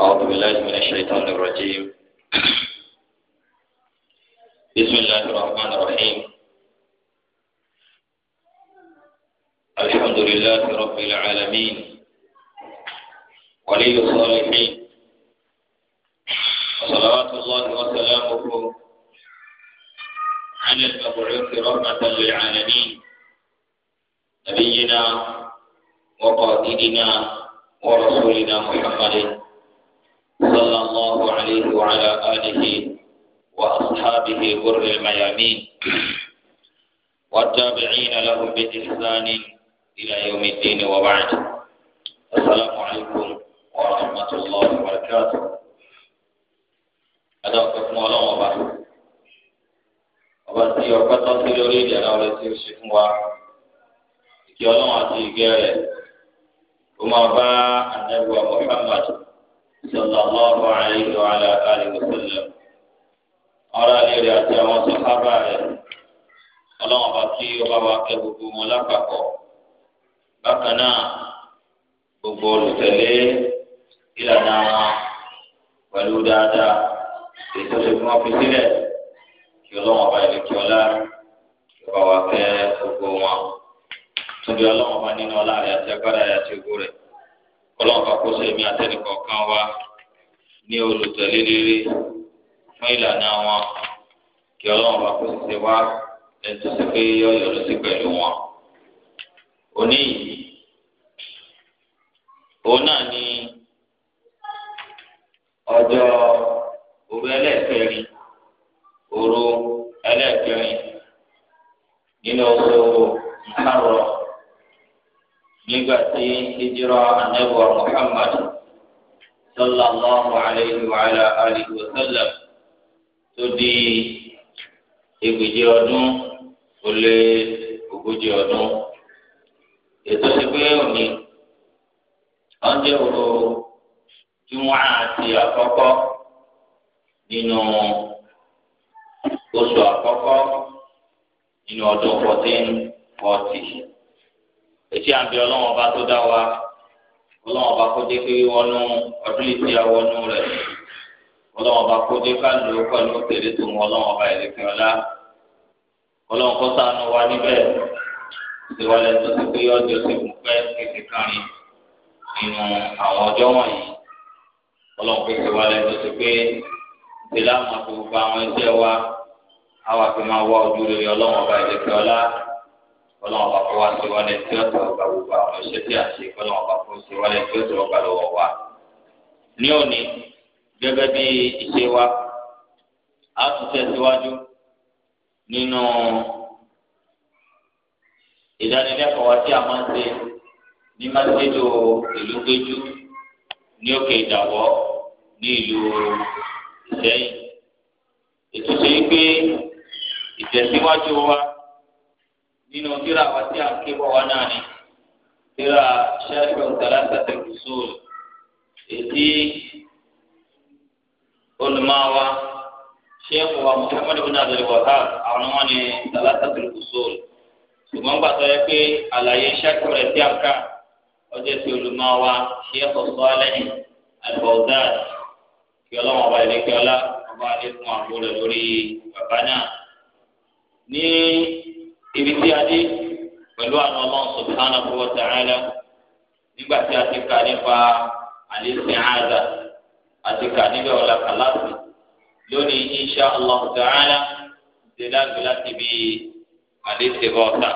أعوذ بالله من الشيطان الرجيم بسم الله الرحمن الرحيم الحمد لله رب العالمين ولي الصالحين صلوات الله وسلامه على المبعوث رحمة للعالمين نبينا وقائدنا ورسولنا محمد صلى الله عليه وعلى آله وأصحابه بر الميامين والتابعين لهم بإحسان إلى يوم الدين وبعد السلام عليكم ورحمة الله وبركاته أدعوكم الله وبركاته ọba tí ọpẹ́ tó ti lórí ìdẹ̀ra ọ̀rẹ́ tí ó ṣe fún wa ìkí Ọlọ́run àti ìgẹ́ rẹ̀ ó máa bá ànábì wa Muhammad صلى الله عليه وعلى آله وسلم ọ̀rọ̀ àlèrè àti àwọn sọ̀hábà rẹ̀ ọlọ́wọ́n bá kí ọba wa kẹ́ gbogbo wọn lápapọ̀ bákan náà gbogbo olùtẹ̀lé ìlànà wọn pẹ̀lú dáadáa ètò ìṣègùn wọn fi sílẹ̀ kí ọlọ́wọ́n bá ilé kí ọlá ọba wa kẹ́ gbogbo wọn tóbi ọlọ́wọ́n bá nínú ọlá rẹ̀ àti agbára rẹ̀ àti ògo rẹ̀ ọlọ́run kàkóso èmi àtẹnìkọ̀ kan wá ní olùtẹ̀lé rere fún ìlànà wọn kí ọlọ́run bá kó ṣe wá ẹni tó ṣe pé yọ yọrọ sí pẹ̀lú wọn. òní yìí òun náà ni ọjọ́ òru ẹlẹ́ẹ̀kẹrin òru ẹlẹ́ẹ̀kẹrin nínú oṣù nkárọ̀ nígbà tí hijira anabiwa muhammad sallallahu alayhi wa ala alihi wa sallam tó di ìgbèjì ọdún ó lé ogójì ọdún ètò ìgbé òní ọjọ́ òru júmọ́ àti àkọ́kọ́ nínú oṣù àkọ́kọ́ nínú ọdún fourteen forty etí àbí ọlọ́wọ́n ọba tó dá wa ọlọ́wọ́n ọba kó jẹ́ pé wọnú ọdún yìí tí a wọnú rẹ̀ ọlọ́wọ́n ọba kó jẹ́ ká lò ó pẹ̀lú òkèlè tó ń wọ ọlọ́wọ́n ọba ìrèké ọlá ọlọ́wọ́n kó sànù wa níbẹ̀ ìwọlẹ̀ tó ti pé ọjọ́ ti kún pẹ́ kékeré kárin nínú àwọn ọjọ́ wọ̀nyí ọlọ́wọ́n kó ti wọlé tó ti pé ìdílé àwọn àti gbogbo àwọn ẹgbẹ́ wa àwọn àti máa wá ojú rere ọlọ́wọ́n ọba ìrèké ọlá ọlọ́run bá fẹ́ wá sí wálé tí ó tọ̀ ọgbà gbogbo àwọn iṣẹ́ tí a ṣe ọlọ́run bá fẹ́ sí wálé tí ó tọ̀ ọgbà lọ́wọ́ wa. ní òní gẹ́gẹ́ bí ìṣe wa a tún tẹ̀síwájú nínú ìdánilẹ́kọ̀ọ́ wa tí a máa ń ṣe ní másídò ìlú gbéjú ní òkè ìdàwọ́ ní ìlú ìsẹ́yìn. ètò ṣe é pé ìtẹ̀síwájú wa nínú tíra wa tí a ń ké bọ̀ wá náà ni tíra ṣẹ́fẹ̀ ọ̀tàlásàtẹ̀ kùsùlù ètí olùmọ̀wá ṣẹ́fù wa Muhammad bin Abdul Wahab àwọn wọn ni ọ̀tàlásàtẹ̀ kùsùlù ṣùgbọ́n gbàtọ́ yẹ pé àlàyé ṣẹ́fẹ̀ rẹ̀ tí a ká ọjọ́ ti olùmọ̀wá ṣẹ́fù sọ́ọ́lẹ́yìn Al-Fawzan kí ọlọ́wọ́n ọba ilé kí ọlá ọba alẹ́ fún àbúrò lórí ibi tí a dé pẹ̀lú àwọn ọmọ subhanahu wa ta'ala nígbà tí a ti kà nípa al-isti'aza àti kà níbẹ̀ ọ̀la kàláàsì lónìí insha Allah ta'ala ṣe láti láti bí al-istighatha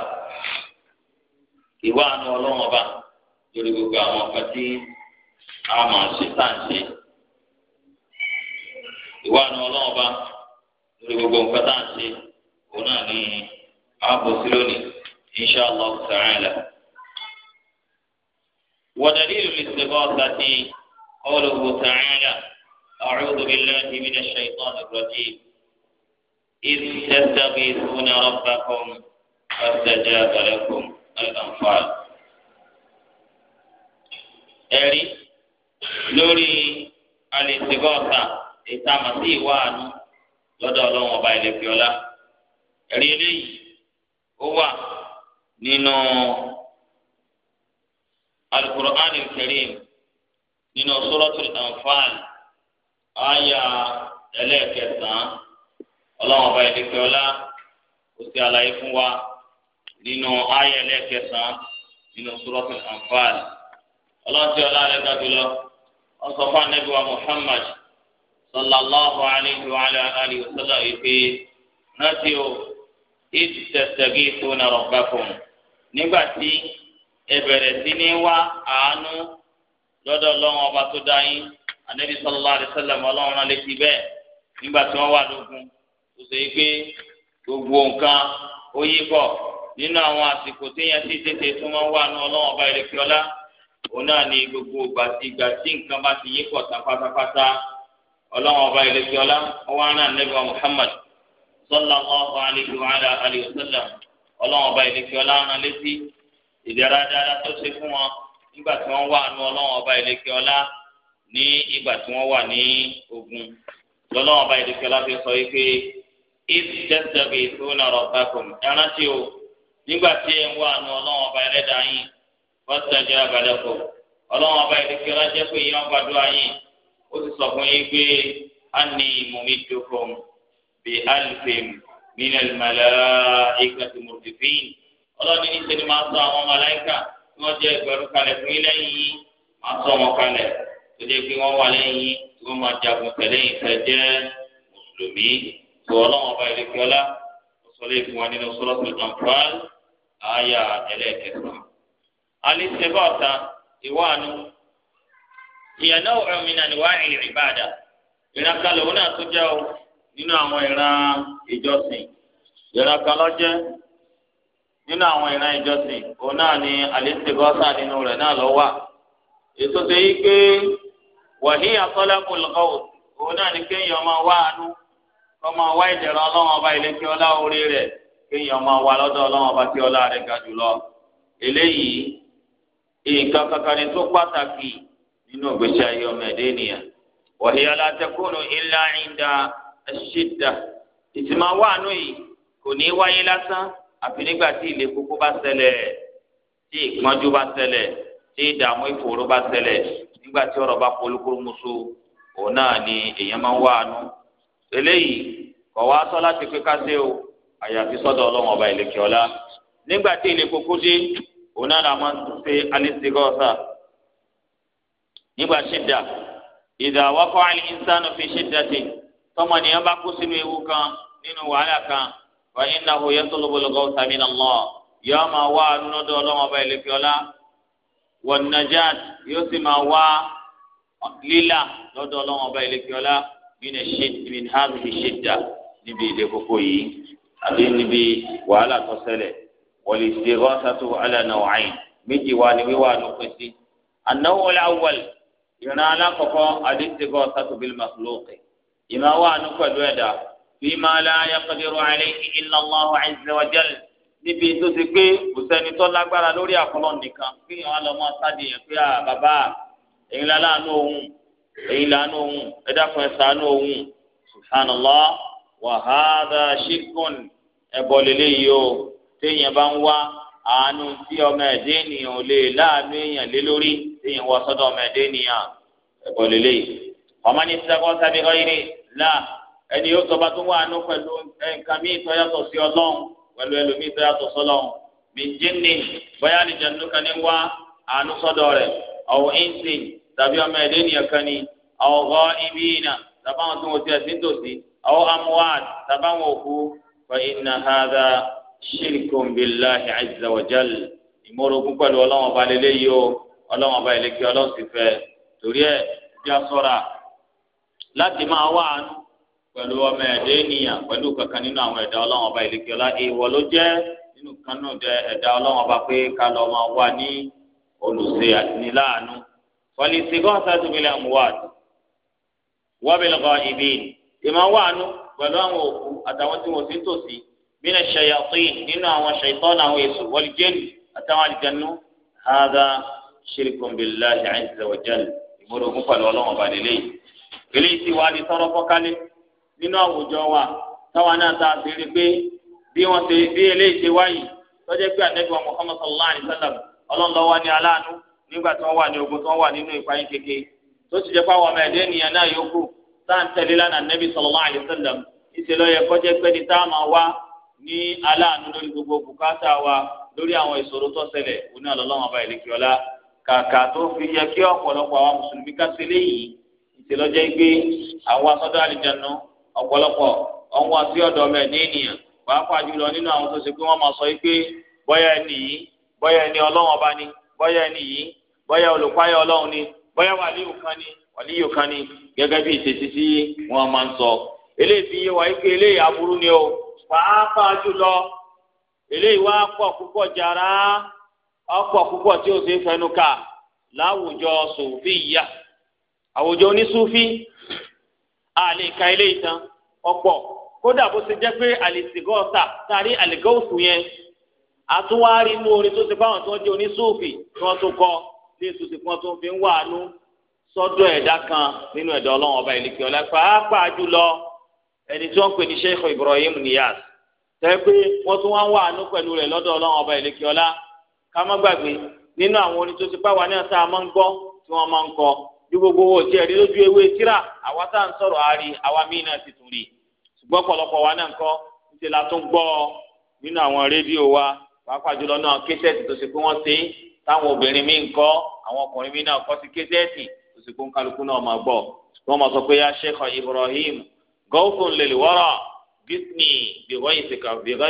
ìwà àánú ọlọ́wọ́n bá lórí gbogbo àwọn ọ̀gá tí a ìwà àánú ọlọ́wọ́n lórí gbogbo nǹkan tá à ní ààbò sí lónìí insha allah ta'ala. ودليل الاستغاثة قوله تعالى أعوذ بالله من الشيطان الرجيم إذ تستغيثون ربكم فاستجاب لكم الأنفال ẹ̀rí lórí alẹ́sìgọ́ta ìtàmà sí ìwà àánú lọ́dọ̀ ọlọ́run ọba ìlẹ̀kẹ́ ọlá ẹ̀rí eléyìí ó wà nínú alukur'an al-karim nínú suratul anfal àyà ẹlẹ́ẹ̀kẹsàn-án ọlọ́run ọba ìdíkẹ́ ọlá ó ti àlàyé fún wa nínú àyà ẹlẹ́ẹ̀kẹsàn-án nínú suratul anfal ọlọ́run tí ọlá rẹ̀ dájú lọ wọ́n sọ fún muhammad sallallahu alayhi wa wa sallam o. إذ تستغيثون ربكم نباتي ẹbẹ̀rẹ̀ sí ní wá àánú lọ́dọ̀ Ọlọ́run ọba tó dá yín anabi sallallahu alaihi wasallam Ọlọ́run náà létí bẹ́ẹ̀ nígbà tí wọ́n wà lógun kò sí pé gbogbo nǹkan ó yí bọ̀ nínú àwọn àsìkò ya sì tètè tó máa ń wà ní ọba òun náà ni gbogbo ìgbà tí nǹkan bá ti yí pọ̀ ọba Muhammad sallallahu alaihi wa ala alihi wa sallam ọlọ́run ọba ìlẹ́kẹ́ ọlá ń létí ìdára dáadáa tó ṣe fún wọn nígbà tí wọ́n wà nù ọlọ́run ọba ìlẹ́kẹ́ ọlá ní ìgbà tí wọ́n wà ní ogun lọ́lọ́run ọba ìlẹ́kẹ́ ọlá fi sọ yìí pé ìtẹ́sẹ̀bì tó nà rọ̀ bákùn ẹrántí o nígbà tí ẹ̀ ń wà nù ọlọ́run ọba ẹlẹ́dàá yìí fọ́sítẹ́jọ́ àbálẹ́kọ̀ ọlọ́run ọba ìlẹ́kẹ́ ọlá jẹ́ pé ìyá ọba dúró ayé ó ti sọ fún yín pé á ní ìmùmí dókòó بألف من الملائكة مردفين ọlọ́ni ní sẹ́ni máa sọ àwọn màláíkà tí wọ́n jẹ́ ẹgbẹ̀rún kalẹ̀ fún ilé yìí máa sọ wọn kalẹ̀ tó jẹ́ pé wọ́n wà lẹ́yìn tí wọ́n máa jagun tẹ̀lé ìfẹ́ jẹ́ mùsùlùmí tó ọlọ́wọ́n ọba ìlẹ́kẹ́ọ́lá sọlé fún wa nínú suratul Anfal àyà ẹlẹ́ẹ̀kẹsàn alẹ́ sẹ́bà ọ̀tá ìwáàánú ìyànà òmìnira ni wàá nínú àwọn ìran ìjọsìn ìran kan lọ́jẹ́ nínú àwọn ìran ìjọsìn òun náà ni àlẹ́sìgọ́sà nínú rẹ̀ náà ló wà ètò ṣe yí pé wàhí àtọ́lẹ́kùn lọ́wọ́ òun náà ni kéèyàn máa wá àánú kó máa wá ọba ilé kí ọlá orí rẹ̀ kéèyàn máa wá lọ́dọ̀ ọba ọlá rẹ̀ ga jùlọ eléyìí nǹkan kankan ni tó pàtàkì nínú ọmọ ẹ̀dẹ́ wàhí àṣìdá ìtìmọ̀ wàánú yìí kò ní wáyé lásán àfi nígbà tí ilé kókó bá ṣẹlẹ̀ tí ìpọ́njú bá ṣẹlẹ̀ tí ìdààmú ìfòòró bá ṣẹlẹ̀ nígbà tí ọ̀rọ̀ bá polúkúrú musu òun náà ni èèyàn máa ń wàánú eléyìí kò wá sọ láti pé kásẹ̀ o àyàfi sọ́dọ̀ ọlọ́run ọba ìlẹ̀kẹ̀ ọ̀la nígbà tí ilé kókó dé òun náà la máa ń ṣe alẹ́sẹ̀gọ́sà nígbà ṣídà ìdàwọ́kọ̀ àlìyínsánú fi ṣídà tọmọnìyàn bá kó sínú ewu kan nínú wàhálà kan wa innahu yatlubul ghawtha min Allah yóò máa wá nínúdọ̀ ọlọ́mọba ìlẹ́fíọ́lá wan najat yóò sì máa wá lílà lọ́dọ̀ ọlọ́mọba ìlẹ́fíọ́lá min hadhihi shidda níbi ilé koko yìí àbí níbi wàhálà tó ṣẹlẹ̀ wal istighathatu ala naw'ayn méjì wá ní wíwá ló pín sí. an-naw'ul awwal ìran alákọ̀ọ́kọ́ al-istighathatu bil makhluqi ìmọ̀ wà ní pẹ̀lú ẹ̀dá fima la yaqdiru alayhi illa Allahu azza wa jalla níbi tó ti gbé kò sẹ́ni tó lágbára lórí àkọlọ́ nìkan fi hàn lọ́mọ sáde yẹn pé bàbá èyí lánà òun èyí lánà òun ẹ̀dá fún ẹ̀sà lánà òun subhanallah wa hadha shirkun ẹ̀bọ̀ lélẹ́yìí o téèyàn bá ń wá àánú tí ọmọ ẹ̀dẹ́ ènìyàn ò lè láàánú èèyàn lé lórí téèyàn wọ sọ́dọ̀ ọmọ ẹ̀dẹ́ ènìyàn ẹ̀bọ̀ lélẹ́yìí ọmọ ní sẹ́kọ́ sábẹ́ ọ́ là ẹni yóò sọ bá tó wà nù pẹ̀lú nǹkan mi tó yàtọ̀ sí ọlọ́run pẹ̀lú ẹlòmíì tó yàtọ̀ sọlọ́run mi jinni bóyá àlìjẹ̀nu kan ní wá àánú sọ́dọ̀ rẹ̀ ọ̀wọ̀ ẹ̀ǹsìn tàbí ọmọ ẹ̀dẹ́ ènìyàn kan ní ọ̀gọ́ ibi tàbáwọn tó ń tiẹ̀ sí tòsí ọ̀wọ̀ amúwáàd tàbáwọn òkú fa inna hadha shirkun billahi azza wa pẹ̀lú ọlọ́wọ́n ọba lélẹ́yìí ọlọ́wọ́n ọba ìlẹ́kẹ́ ọlọ́sìn torí ẹ̀ bí a sọ́ra láti máa wá àánú pẹ̀lú ọmọ ẹ̀dẹ́ ènìyàn pẹ̀lú kankan nínú àwọn ẹ̀dá ọlọ́run ọba ìlẹ́kẹ̀ọ́lá ìwọ ló jẹ́ nínú kan náà dẹ ẹ̀dá ọlọ́run ọba pé ká lọ máa wá ní olùṣe àtìníláàánú fọlísì gọ́ọ̀sà tó fi lè mú wá wọ́bìlọ́kọ ìbí ìmọ̀ wá àánú pẹ̀lú àwọn òkú àtàwọn tí wọ́n sì tòsí bínú ṣayàtìn nínú àwọn ṣayitán eléyìí wá di tọrọ fọ́kálẹ̀ nínú àwùjọ wa táwọn náà ta ṣe rí pé bí wọ́n ṣe bí eléyìí ṣe wáyé tọ́jẹ́ pé ànábì Muhammad sallallahu alayhi wa sallam ọlọ́nlọ́wọ́ ní aláàánú nígbà tí wọ́n wà ní ogun tí wọ́n wà nínú ìpayín keke tó ti jẹ́ pé àwọn ọmọ ẹ̀dẹ́ ènìyàn náà yòókù tá à tẹ̀lé lánàá ànábì sallallahu alayhi wa sallam ìṣèlú yẹ kọ́jẹ́ pé ní tá a máa wá ní aláàánú lórí gbogbo bùkátà wa lórí àwọn ìṣòro tó ṣẹlẹ̀ òní àlọ́lọ́wọ́n ọba ìlẹ́kìọ́lá kàkà tó fi yẹ kí ọ̀pọ̀lọpọ̀ àwọn mùsùlùmí ká ṣe léyìí ṣe lọ́jọ́ pé àwọn asọ́dọ̀ àlìjánu ọ̀pọ̀lọpọ̀ ọ̀hún àti ọ̀dọ̀ ọmọ ẹ̀ ní ènìyàn pàápàá jùlọ nínú àwọn tó ṣe pé wọ́n máa sọ pé bọ́yá ẹni yìí bọ́yá ẹni ọlọ́run ọba ni bọ́yá ẹni yìí bọ́yá olùpáyà ọlọ́run ni bọ́yá wàlíù kan ni wàlíù kan ni gẹ́gẹ́ bí ìṣesí tí wọ́n máa ń sọ. eléyìí fi yé wa pé eléyìí aburú ni o pàápàá jùlọ eléyìí wá pọ̀ púpọ̀ jàrá ọ̀pọ̀ púpọ̀ tí ó ṣe fẹnu kà láwùjọ sòfíyà. So àwùjọ onísúfí àlè ka ilé ìtàn ọ̀pọ̀ kódà bó ṣe jẹ́ pé àlìsígọ́ọ̀tà tàrí àlìgọ́ọ̀sù yẹn àtúwárí inú orin tó ṣe báwọn tó ń jẹ onísúfí tí wọ́n tó kọ ní ètò ìsìnkú wọn tó ń fi ń wàánú sọ́dọ̀ ẹ̀dá kan nínú ẹ̀dá Ọlọ́run ọba ìlẹkẹ ọlá pàápàá jùlọ ẹni tí wọ́n pè ní Sheikh Ibrahim Niyas tẹ́ pé wọ́n tún wá ń wàánú pẹ̀lú rẹ̀ lọ́dọ̀ Ọlọ́run ọba ìlẹkẹ ọlá ká má gbàgbé nínú àwọn orin tó ti pàwọn náà tá máa ń gbọ́ tí wọ́n máa ń kọ bí gbogbo owó tiẹ̀ rí lójú ewé tíra àwa tá à ń sọ̀rọ̀ àárí àwa míì náà ti tún rí ṣùgbọ́n ọ̀pọ̀lọpọ̀ wa náà ń kọ́ ṣe la tún gbọ́ nínú àwọn rédíò wa pàápàá jùlọ náà késẹ́ẹ̀tì tó ṣe pé wọ́n ṣe táwọn obìnrin míì ń kọ́ àwọn ọkùnrin míì náà kọ́ sí késẹ́ẹ̀tì tó ṣe pé ń kálukú náà máa gbọ́ wọ́n máa sọ pé ya Sheikh Ibrahim gọ́ọ̀fún lèlè wọ́rọ̀ gísní bìwọ́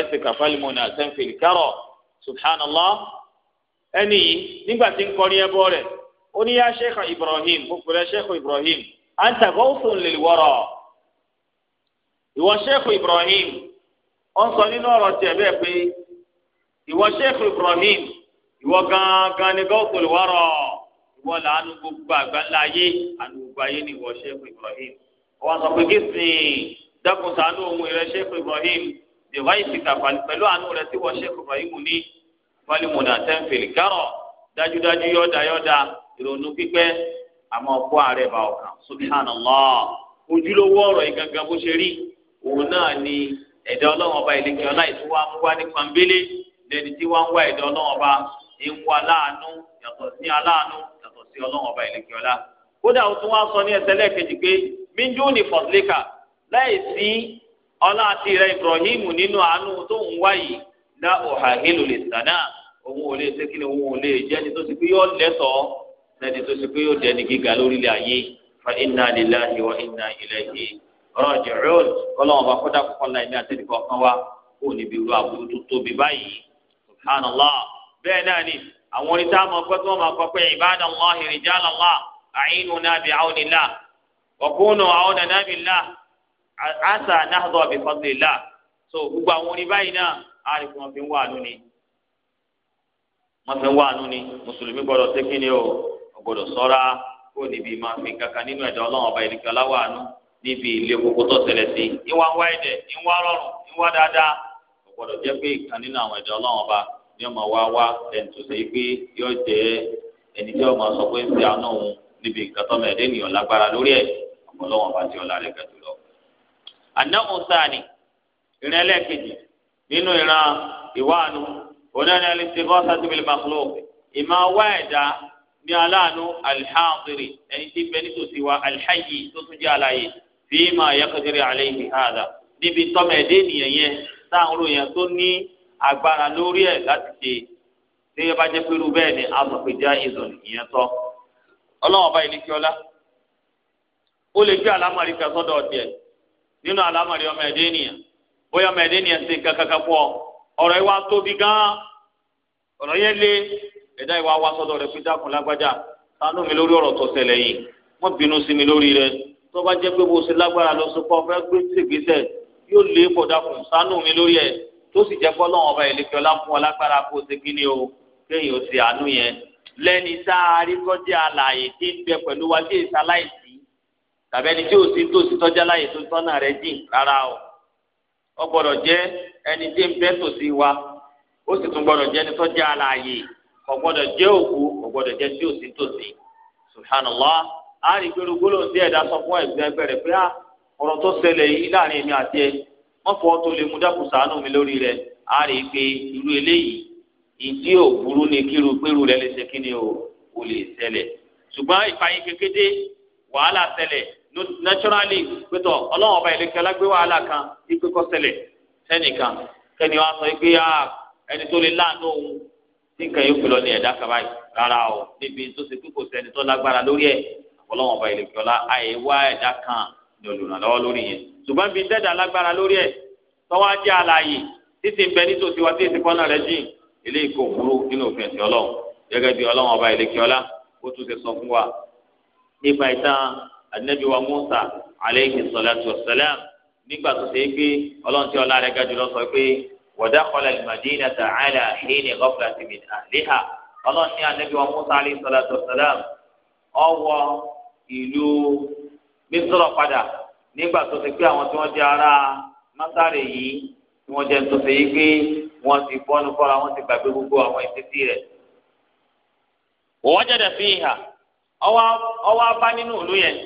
ìsìkà fálímọ̀nì àtẹ́ǹfìlì kárọ̀ subhanallah ẹni yìí nígbà tí ń kọrin ẹbọ rẹ̀ ó ní yá sheikh ibrahim gbogbo rẹ sheikh ibrahim anta gawthun lil wara ìwọ sheikh ibrahim ó ń sọ nínú ọ̀rọ̀ tiẹ̀ bẹ́ẹ̀ pé ìwọ sheikh ibrahim ìwọ gangan ni gawthun lil wara ìwọ làánú gbogbo àgbáńlá ayé àánú gbogbo ayé ni ìwọ sheikh ibrahim ó wá sọ pé kí sìn dákun ṣàánú ohun ìrẹ sheikh ibrahim dèwà ìsìkà pẹ̀lú àánú rẹ tí wọ sheikh ibrahim ní falimu náà tẹ́ ń fèlè kárọ̀ dájúdájú yọ̀ọ́dá yọ̀ọ́dá ìrònú pípẹ́ àmọ́ ọkọ ààrẹ bá ọkàn subhanallah ojúlówó ọ̀rọ̀ ìgangan bó ṣe rí òun náà ni ẹ̀dá ọlọ́run ọba ìlẹ̀kẹ́ ọlá ìtú wa mú wá ní pàmbélé lẹ́ni tí wọ́n ń wá ẹ̀dá ọlọ́run ọba ń wá láàánú yàtọ̀ sí aláàánú yàtọ̀ sí ọlọ́run ọba ìlẹ̀kẹ́ ọlá kódà ó tún wá sọ ní ẹsẹ̀ lẹ́ẹ̀kejì pé minjú ni fọ̀sílẹ́kà láì sí ọlá àti rẹ Ibrahim nínú àánú tó ń wá yìí dá òhà hélò lè sànà òun ò lè ṣe kí ni òun ò lè jẹ́ ni tó ti pé yọ lẹ́tọ̀ọ́ lẹ́ni tó ṣe pé yóò dẹni gíga lórílẹ̀ ayé fa inna lillahi wa inna ilayhi raji'un kọ́lọ́wọ́n bá kọ́dà kọ́kọ́ la ẹ̀mí àtẹ̀lẹ́ kọ̀ọ̀kan wa kó níbi irú àbúrò tó tóbi báyìí subhanallah bẹ́ẹ̀ náà ni àwọn oníta máa gbọ́ tí wọ́n máa kọ́ pé ibadallahi rijalallah a'inuna bi'awnillah wa kunu a'unana billah asa nahdha bifadlillah so àwọn oní báyìí náà á rí fún wọn fi wà lónìí wọn fi ń wà lónìí mùsùlùmí o gbọ́dọ̀ ṣọ́ra kó níbi máa fi kankan nínú ẹ̀dá Ọlọ́run ọba ìdíkẹ aláwàánú níbi ilé koko tó ṣẹlẹ̀ sí ìwà ń wá ẹdẹ ìwà rọrùn ìwà dáadáa kò gbọ́dọ̀ pé ìkan nínú àwọn ẹ̀dá Ọlọ́run ọba ni ọmọ wa wá ẹni tó ṣe pé yóò jẹ ẹni tí ọmọ sọ pé ń ṣe àánú òun níbi nǹkan tó mẹ́ẹ̀ẹ́dẹ́ ènìyàn lágbára lórí ẹ̀ ọ̀pọ̀lọ́wọ́n bá ti ọ̀la rẹ̀ gàdú lọ. àná ọ̀sánì ìrìn ẹlẹ́ẹ̀kejì nínú ìran ìwáàánú onáni alẹ́sẹ̀ bọ́sà tó bẹ̀rẹ̀ ìmọ̀ wá ẹ̀dá ní aláàánú alḥàndìrì ẹni tí bẹ nítòsí wa alḥàyè tó tún jẹ́ àlàyé fìyí máa yẹkọjẹrẹ àlẹ́ yìí hàdà níbi tọ́mọ ẹ̀dẹ́ ènìyàn yẹn táwọn olóyìn tó ní agbára lórí ẹ̀ láti ṣe tí yẹn bá jẹ́ pé irú bẹ́ẹ̀ ni azọ̀pẹ̀já ìzọ̀n ìyẹn tọ́ ọlọ́wọ́n bá ilé kíọ́lá ó lè gbé àlámọ̀rí kan sọ́dọ̀ ọ̀dẹ̀ nínú àlámọ̀rí ọmọ ẹ̀dẹ́ ènìyàn bóyá ọmọ ẹ̀dẹ́ ènìyàn ṣe kankan kan fún ọ yẹn wá tóbi gan ọ̀rọ̀ yẹn lé ẹ̀dá ìwà wa sọ́dọ̀ rẹ̀ pété àkùn lágbájá ṣàánú mi lórí ọ̀rọ̀ tó ṣẹlẹ̀ yìí wọ́n bínú sí mi lórí rẹ̀ tó bá jẹ́ pé mo ṣe lágbára lọ sí pọ́ fẹ́ gbé tìgbésẹ̀ yóò lé e pọ̀ dákun ṣàánú mi lórí ẹ̀ tó sì jẹ́ pọ́ lọ́wọ́ ọba ìlẹ́kẹ́ ọlá fún ọ lágbára kó ṣe kí ni o kéèyàn ṣe àánú yẹn lẹ́ni tá a rí kọjá àlàyé tí ń bẹ pẹ̀lú wa tí èsì aláìsí tàbí ẹni tí ò sí tòsí tọ́jà láyè tó tọ́nà rẹ̀ jìn rárá o ó gbọ́dọ̀ jẹ́ ẹni tí ń bẹ tòsí wa ó sì tún gbọ́dọ̀ jẹ́ ẹni tọ́jà àlàyé kò gbọ́dọ̀ jẹ́ òkú kò jẹ́ tí òsì tòsí subhanallah á rí gbólógbóló ń dé ẹ̀dá sọ fún pé ah, tó ṣẹlẹ̀ yìí láàrin èmi àti ẹ wọ́n tó lè mú mi lórí irú eléyìí ìdí ni kíru lè ṣe kí ni o lè ìfàyín kékeré wàhálà naturally ọba wàhálà kan wàá tí nǹkan yóò gbélọ́ ní ẹ̀dá kaba yìí rárá o níbi tó ṣe pé kò sẹ́ni tó lágbára lórí ẹ̀ ọlọ́wọ́n ọba ìlẹ̀kẹ́ ọlá àyè wá ẹ̀dá kan ní olùrànlọ́wọ́ lórí yẹn ṣùgbọ́n bí dẹ́dà lágbára lórí ẹ̀ tọ́wọ́ á jẹ́ àlàyé títí bẹ nítòsí wa títí kọ́nà rẹ̀ jìn ilé ìkó òfurú nínú òfin ẹ̀sìn ọlọ́run gẹ́gẹ́ bí ọlọ́wọ́n ọba ìlẹ̀kẹ́ ọlá wa nípa ìtàn salatu wassalam nígbà tó ṣe é pé ọlọ́run tí ọlá rẹ̀ ga ودخل المدينة على حين غفلة من أهلها ọlọ́run ní anabi wa musa alayhi salatu wasalam ọwọ́ ìlú mísírọ̀ padà nígbà tó ti pé àwọn tí wọ́n jẹ́ ará mọ́sálẹ̀ yìí tí wọ́n jẹ́ tó ṣe yí pé wọ́n ti bọ́nu fọ́ra wọ́n ti gbàgbé gbogbo àwọn ìtẹ́tí rẹ̀. wọ́n jẹ́dẹ̀ fi ìhà ọwọ́ bá nínú ìlú yẹn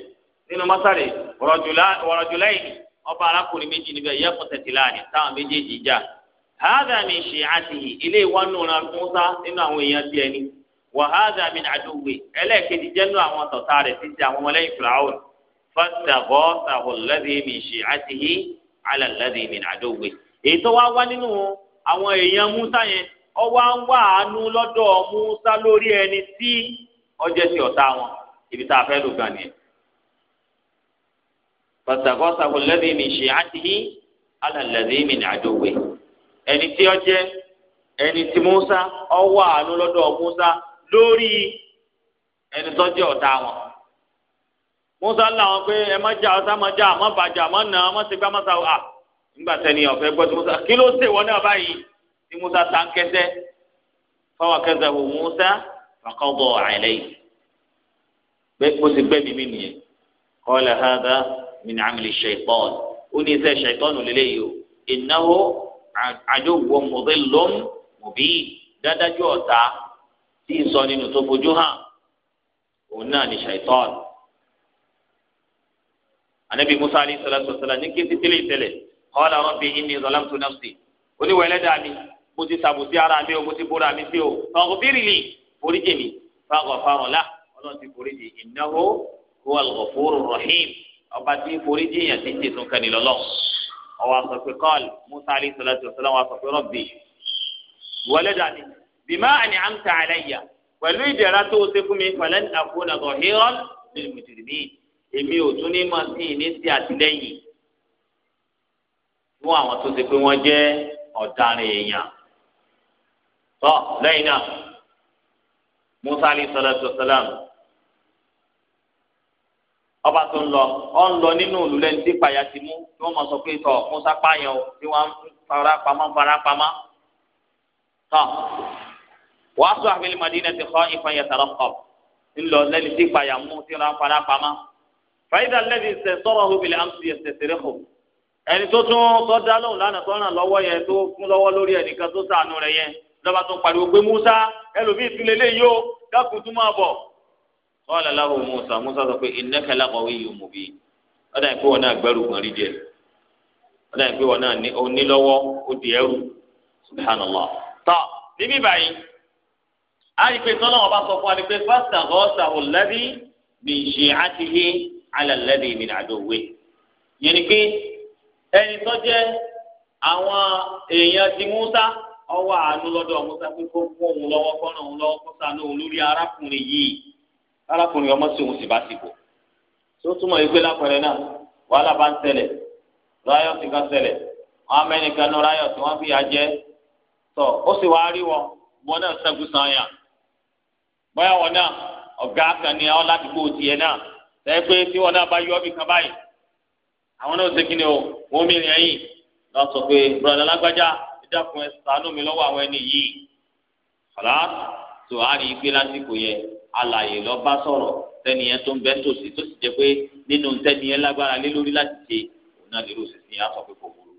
nínú mọ́sálẹ̀ wọ̀rọ̀jùlá yìí ọba arákùnrin méjì níbẹ̀ yẹ́pọ̀ tẹ̀síláàdì táwọn méjèèjì jà. hàdà mi ṣe àtìyí ilé ìwà nùnà Musa nínú àwọn èèyàn tiẹ̀ ni wà hàdà mi àdúgbò ẹlẹ́ẹ̀kejì jẹ́ nù àwọn tọ̀tà rẹ̀ títí àwọn ọmọlẹ́yìn fìlàwọ̀ fàtàbọ̀ sàhùlẹ́dì mi ṣe àtìyí alàlẹ́dì mi àdúgbò. èyí a ẹni tí ó jẹ́ ẹni tí Musa ọwọ́ àánú lọ́dọ̀ Musa lórí ẹni tó jẹ́ ọ̀tá wọn Musa làwọn pé ẹ má jà ọ̀tá má jà má bàjà má nà má ti gbá má sa à nígbà tẹni ọ̀fẹ́ gbọ́ tí Musa kí ló ṣe wọ́n náà báyìí tí Musa ta ń kẹsẹ́ fáwọn kẹsẹ́ wò Musa fàkọ́bọ̀ àìlẹ́ yìí bẹ́ẹ̀ kó ti gbẹ́mìí mi nìyẹn kọ́lẹ̀ hàdá min amìlì ṣèpọ́n ó ní iṣẹ́ ṣèpọ́n lélẹ́yìí o ìnáwó àdéhùwọ mọdé lọn mọbí dádájú ọ̀tá tí ń sọ nínú tó fojú hàn òun náà ni ṣàìtọ́n anabi musa alayhi salatu wa salam ní kí n ti tẹ́lẹ̀ tẹ́lẹ̀ qala rabbi inni zalamtu nafsi oníwẹ̀lẹ́ dà mí mo ti sàbòsí ara mi o mo ti bóra mi sí o faghfir li foríjì mi faghfara lahu ọlọ́run ti foríjì innahu huwal ghafurur rahim ọba tí foríjì yẹn ọwọ́ àsọ̀pẹ̀ kọ́ọ̀lì musa alayhi salatu wa salam àsọ̀pẹ̀ rọ́bì wọlé dání bímá àní àmta àlàyé pẹ̀lú ìdẹ̀ra tó o ṣe fún mi pẹ̀lẹ́ àkóónà zọ̀hírọ́n ní mùtìrìmí èmi ò tún ní mọ̀ sí ní sí àtìlẹ́yìn fún àwọn tó ṣe pé wọ́n jẹ́ ọ̀daràn èèyàn tọ́ lẹ́yìn náà musa alayhi salatu wa salam ọba tó ń lọ ọ ń lọ nínú òlùlẹ̀ ní ìpayà ti mú tí wọ́n mọ̀ sọ pé tọ̀ musa pààyàn o tí wọ́n fara pamọ́ fara pamọ́ tọ̀ wàá sọ àfẹlẹ madina ti kọ́ ìfọyín ẹ̀sán lọ́kọ̀ ńlọ lẹ́ni tí ìpayà mú tí wọ́n fara pamọ́ fàyídà lẹ́ni ṣe sọ̀rọ̀ òbílẹ̀ àmì ẹ̀sẹ̀ tẹ̀rẹ̀ kù ẹni tó tún tó dá lóhùn lánàá tó ràn lọ́wọ́ yẹn tó fún lọ́wọ́ lórí ẹnìkan tó sàánú rẹ̀ yẹn lọ́ba tó pariwo pé musa ẹlòmíì tún lélẹ́yìí ó dákùn tún máa qala lahu Musa Musa sọ pé innaka laqawiyyun mubin ọ̀dà ìpé wọn náà gbẹ́rù kan rí díẹ̀ ọ̀dà ìpé wọn náà onílọ́wọ́ ó di ẹrù subhanallah tọ́ níbí báyìí àyíké tọ́lọ́ wọn bá sọ fún wa ni pé fastaghathahu alladhi min shi'atihi ala alladhi min aduwwihi yẹn ni pé ẹni tó jẹ́ àwọn èèyàn ti Musa ọwọ́ àánú lọ́dọ̀ Musa pé kó fún òun lọ́wọ́ arákùnrin ọmọ sí òun sì bá sì bò tó túmọ̀ ìgbé lápẹ̀rẹ̀ náà wàhálà bá ń ṣẹlẹ̀ ráyọ̀tì kan ṣẹlẹ̀ wọn amẹ́nìkan náà ráyọ̀tì wọn fìyà jẹ tọ ó sì wá rí wọn wọn náà ṣẹ́gun sanya bóyá wọn náà ọ̀gá kan ní ọ ládùúgbò tiẹ̀ náà sẹ́yìn pé tí wọn náà bá yọ ọ́bì kan báyìí àwọn náà ṣe kíni o wọn mi rìn ẹ̀yìn lọ sọ pé bùrọ̀dá lágbájá ìdákun ẹ̀ ṣàánú mi lọ́wọ́ àwọn ẹni yìí alàyè lọ bá sọ̀rọ̀ tẹnìyẹn tó ń bẹ tòsí tó sì jẹ́ pé nínú tẹnìyẹn lágbára lé lórí láti ṣe òun náà lérò sísìn yẹn á pé kò burú.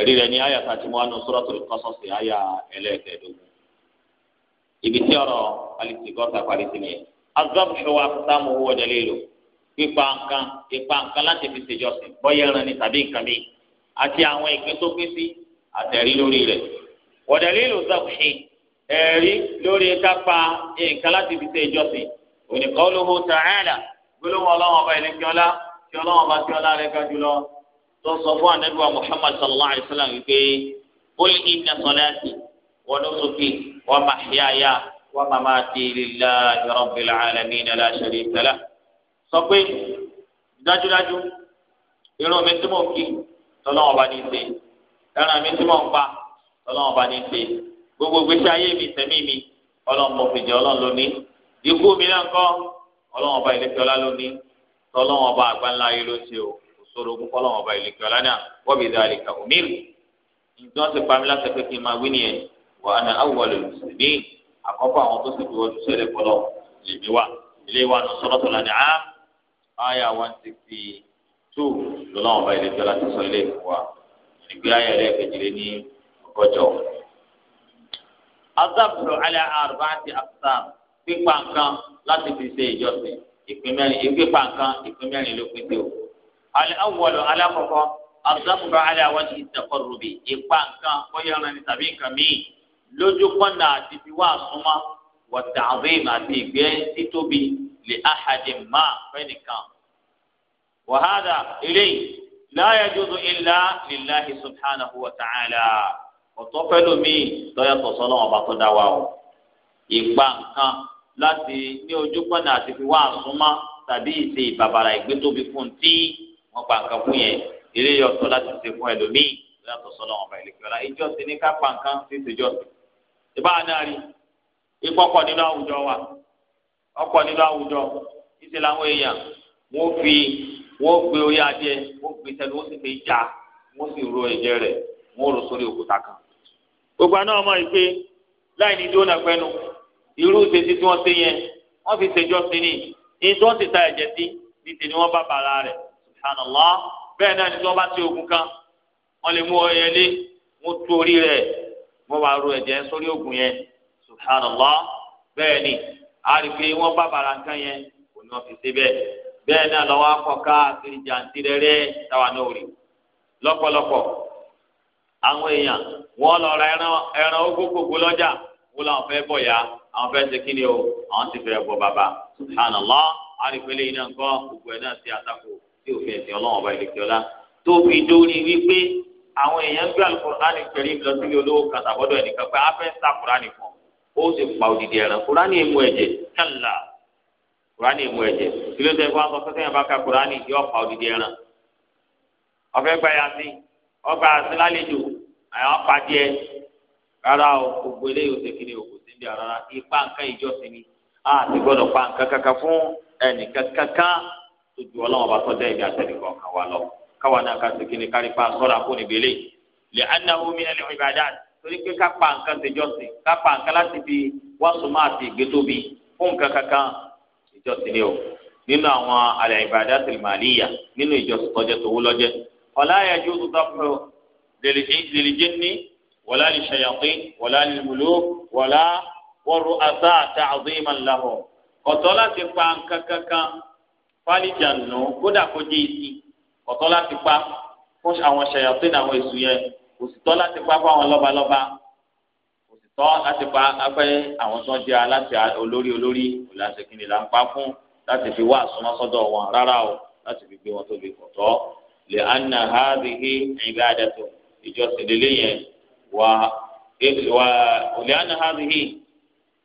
ẹ̀rí rẹ̀ ní àyà tàti mọ́ àánú Suratul Qasas àyà ẹlẹ́ẹ̀kẹ́dógún ibi tí ọ̀rọ̀ alìsìgọ́ta parí sí nìyẹn azọ́bùsọ wa sáàmù owó dalilu pípa nǹkan ipa nǹkan láti fi ṣèjọsìn bọ́yẹ̀ ẹran ni tàbí nǹkan mi àti àwọn ìpín tó pín sí àtẹ̀rí lórí rẹ̀ wọ̀dẹ̀lẹ́lò zọ́bùsìn ẹ̀rí lórí kápá nǹkan láti fi ṣe ìjọsìn òní qawluhu ta'ala gbólóhùn ọlọ́wọ́n ọba ìlẹ́kẹ́ tí ọlọ́wọ́n ọba tí ọlá rẹ̀ ga jùlọ tó sọ fún Muhammad sallallahu alayhi wa sallam wípé qul inna wa nusuki wa mahyaya wa mamati lillahi rabbil sọ pé dájúdájú irun mi tí mò ń kí tọ́lọ́wọ́n ọba ní í ṣe ẹran mi tí mò ń pa tọ́lọ́wọ́n gbogbo gbèsè ayé mi sẹ́mi mi ọlọ́run mọ̀ fìjẹ́ ọlọ́run lóní ikú mi náà kọ́ ọlọ́run ọba ìlẹ́kẹ́ọ́lá lóní tọ́lọ́run ọba àgbáńlá ayé ló ṣe o òṣòro kúkọ́ ọlọ́run ọba ìlẹ́kẹ́ọ́lá náà wọ́n bí dáa lè kà omi rì ǹjọ́ ti pa mí láti pé kí n máa wí nìyẹn wà á na awùwà lè lùsì ní àkọ́kọ́ àwọn tó sì wọ́n ṣẹlẹ̀ pọ̀lọ́ lèmi wà ilé wa one sixty two lọ́lọ́run ọba ìlẹ́kẹ́ọ́lá ti sọ ilé ìfowópamọ́ ìgbé ayẹyẹ kejìléní ọgọ́jọ azabulu ala arbaati aqsam pípa nǹkan láti fi ṣe ìjọsìn ìpín mẹ́rin ìpípa nǹkan ìpín mẹ́rin ló pín sí o. alẹ́ awọlọ alákọ̀ọ́kọ́ azabulu ala wájú ìtẹ̀kọ̀rọ̀bì ìpa nǹkan bóyá ọ̀rọ̀ ni tàbí nǹkan míì lójú kọ́nà àti fi wá súnmọ́ wọ̀tà àbẹ́yìn àti ìgbẹ́ títóbi lè áhàdì má fẹ́nìkan. wàhálà eléyìí láyà jùlọ ilá lillahi subhanahu wa ta'ala ọ̀tọ́ fẹ́lòmíì lọ́yàtọ̀ sọ́lọ́wọ́n ọba tó dá wa o ìgbà nǹkan láti ní ojú pọ́nà àti fi wá àsúnmá tàbí ìṣe ìbàbàrà ìgbé tóbi fún tí wọ́n pa nǹkan fún yẹn eré yọ̀tọ̀ láti ṣe fún ẹlòmíì lọ́yàtọ̀ sọ́lọ́wọ́n ọba ìlẹ̀kẹ́ ọ̀la ìjọ sí ní ká pa nǹkan sí ìṣèjọ́ ìbá adárí ìkọ́kọ̀ nínú àwùjọ wa ọkọ̀ nínú àwùjọ ìṣe làwọn èèyàn wọ́n fi wọ́n gbé orí adìẹ wọ́n gbé sẹ́nu wọ́n sì fi já wọ́n sì ro ẹ̀jẹ̀ rẹ̀ wọ́n rò sórí òkúta kan gbogbo àná ọmọ yìí pé láì ní dóná pẹ́nu irú ìṣesí tí wọ́n ṣe yẹn wọ́n fi ṣèjọ́ sí ni èyí tí wọ́n ti ta ẹ̀jẹ̀ sí ní tèmi wọ́n bá bàrà rẹ̀ subhanallah bẹ́ẹ̀ náà ni tí wọ́n bá ti ogun kan wọ́n lè mú ọyẹ lé wọ́n tú orí rẹ̀ wọ́n wá ru ẹ̀jẹ̀ sórí ogun yẹn subhanallah bẹ́ẹ̀ ni àrífẹ́ wọ́n bá bàrà nǹkan yẹn kò ní wọ́n fi ṣe bẹ́ẹ̀ bẹ́ẹ̀ náà lọ́wọ́ akọ káàkiri jàǹtí rẹ̀ rẹ̀ táwa náà rí lọ́pọ̀lọpọ̀ àwọn èèyàn wọ́n lọ ra ẹran ogógógó lọ́jà wọ́n làwọn fẹ́ bọ̀ ya àwọn fẹ́ ṣe kíni o àwọn ti fẹ́ bọ̀ bàbá subhanallah àrífẹ́lẹ́ iná nǹkan gbogbo ẹ̀ náà ṣe àtakò tí òfin ẹ̀sìn ọlọ́run ọba ìlẹ̀kẹ́ ọlá tó fi dórí wípé àwọn èèyàn gbé alukur'an kẹrin lọ sílé olówó kàtàbọ́dọ̀ ẹnìkan pé a fẹ́ sa kur'an fún ó sì pa òdìdí ẹran kur'an èmu ẹ̀jẹ̀ kálá kur'an èmu ẹ̀jẹ̀ kí ló dé fún aṣọ fẹ́fẹ́ bá ka kur'an yọ pa òdìdí ẹran ọ̀fẹ́ gbayasi ọgbà sílálẹ́jọ́ àwọn apàdé rárá o gbogbo eléyìí oṣù kìíní o kò sí bí rárá ipa nǹkan ìjọsìn ni a ti gbọ́dọ̀ pa nǹkan kankan fún ẹnìkan kankan tó ju Ọlọ́run ọba tó dá ibi àtẹnìkan kan wà lọ káwa náà ká sí kìíní kárí pa sọ́ra fún ìbílẹ lè anáwó mi ẹni ìbá dá torí pé ká pa nǹkan ṣèjọsìn ká pa nǹkan láti fi wàásù máa ti gbé tóbi fún nǹkan kankan ìjọsìn ni o nínú àwọn àlẹ ìbàdàn tìlmàlìyà nínú ìjọsìn tọjẹ tòwó lọjẹ ọláyà yóò lèlìjẹ́ni wàlá lìṣàyàpín wàlá lìmùlò wàlá wọ́rọ̀ àṣà àtàzí màláhùn kọ̀tọ́ láti pa nkankankan fálìjànù kódà kó jẹ́ isi kọ̀tọ́ láti pa fún àwọn ṣàyàpín àwọn èṣù yẹn kò sì tọ́ láti pa fún àwọn lọ́balọ́ba kò sì tọ́ láti pa afẹ́ àwọn tó ń jẹ́ aláṣẹ olórí olórí ìlàsẹ̀kìnì là ń pa fún láti fi wá àsomọ́sọ́dọ̀ wọn rárá o láti fi gbé wọn tóbi kọ̀tọ́ lè anna hadhihi ibadatu ìjọsìn lélẹ̀ yẹn wà wà òlẹ́ àná hàbíhì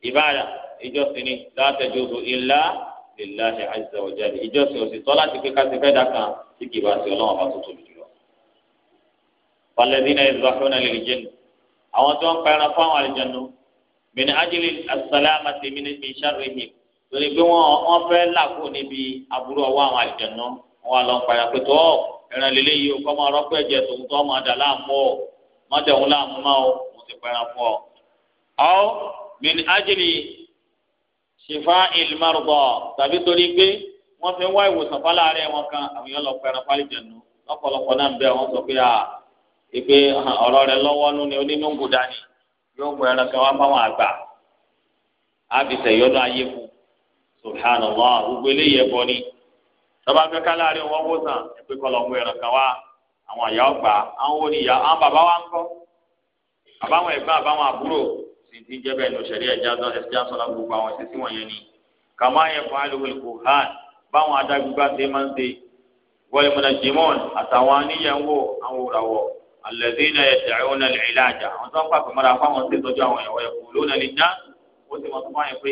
ìbára ìjọsìn ni látẹ̀jọ́ tó ilá lillahi azza wa jalla ìjọsìn òsìtọ́ láti pé káṣí fẹ́ dàkà tí kì í bá ṣe ọlọ́run ọba tó tóbi jùlọ. walladhina yadhbahuna lil jinn àwọn tó ń pẹran fáwọn àlùjànnú min ajli as-salamati min sharrihim torí pé wọ́n fẹ́ làkó níbi aburú ọwọ́ àwọn àlùjànnú wọn lọ ń pẹran tó ọ̀ ẹran lélẹ yìí o kọmọ ọrọ pẹ jẹ tòun tó ọmọ àdá láàmú o mọdẹhùn láàmú máa o mo ti pẹran fún ọ. ọ min ajili ṣìfà ìlmarubọ tàbí torí pé wọn fi wá ìwòsàn fáláàrẹ wọn kan àwọn yẹn lọ pẹran fálìjẹnu lọ́pọ̀lọpọ̀ náà ń bẹ wọn sọ pé à ìpè ọ̀rọ̀ rẹ lọ́wọ́ nú ni onínúngù dání yóò mú ẹran kan wá fáwọn àgbà á fi tẹyọdọ ayé fún subhanallah gbogbo eléyìí ẹbọ tọ́ba fẹ́ ká láàrin wọn wó sàn pé kọlọ̀ ń wọ ẹran kan wá àwọn àyà ọgbà àwọn wo ni ìyá àwọn bàbá wa ń kọ́ àbáwọn ẹ̀gbọ́n àbáwọn àbúrò sì ti jẹ́ bẹ́ẹ̀ ní òṣèré ẹ̀já sọ ẹ̀já sọ láti gbogbo àwọn ìṣesí wọ̀nyẹn ni kàmá yẹn fún àlùkò ìkò hàn báwọn adágbégbá ṣe máa ń ṣe wọlé mọ̀nà jimon àtàwọn aníyànwó àwọn òràwọ̀ alẹ́dínà ẹ̀dẹ̀rún náà lẹ́yìn láàjà àwọn tó ń pàpẹ́ mọ́ra fáwọn tó ń àwọn ìyàwó ẹ̀kọ́ lónà lè dá ó sì mọ̀ tó fáwọn ẹ̀kọ́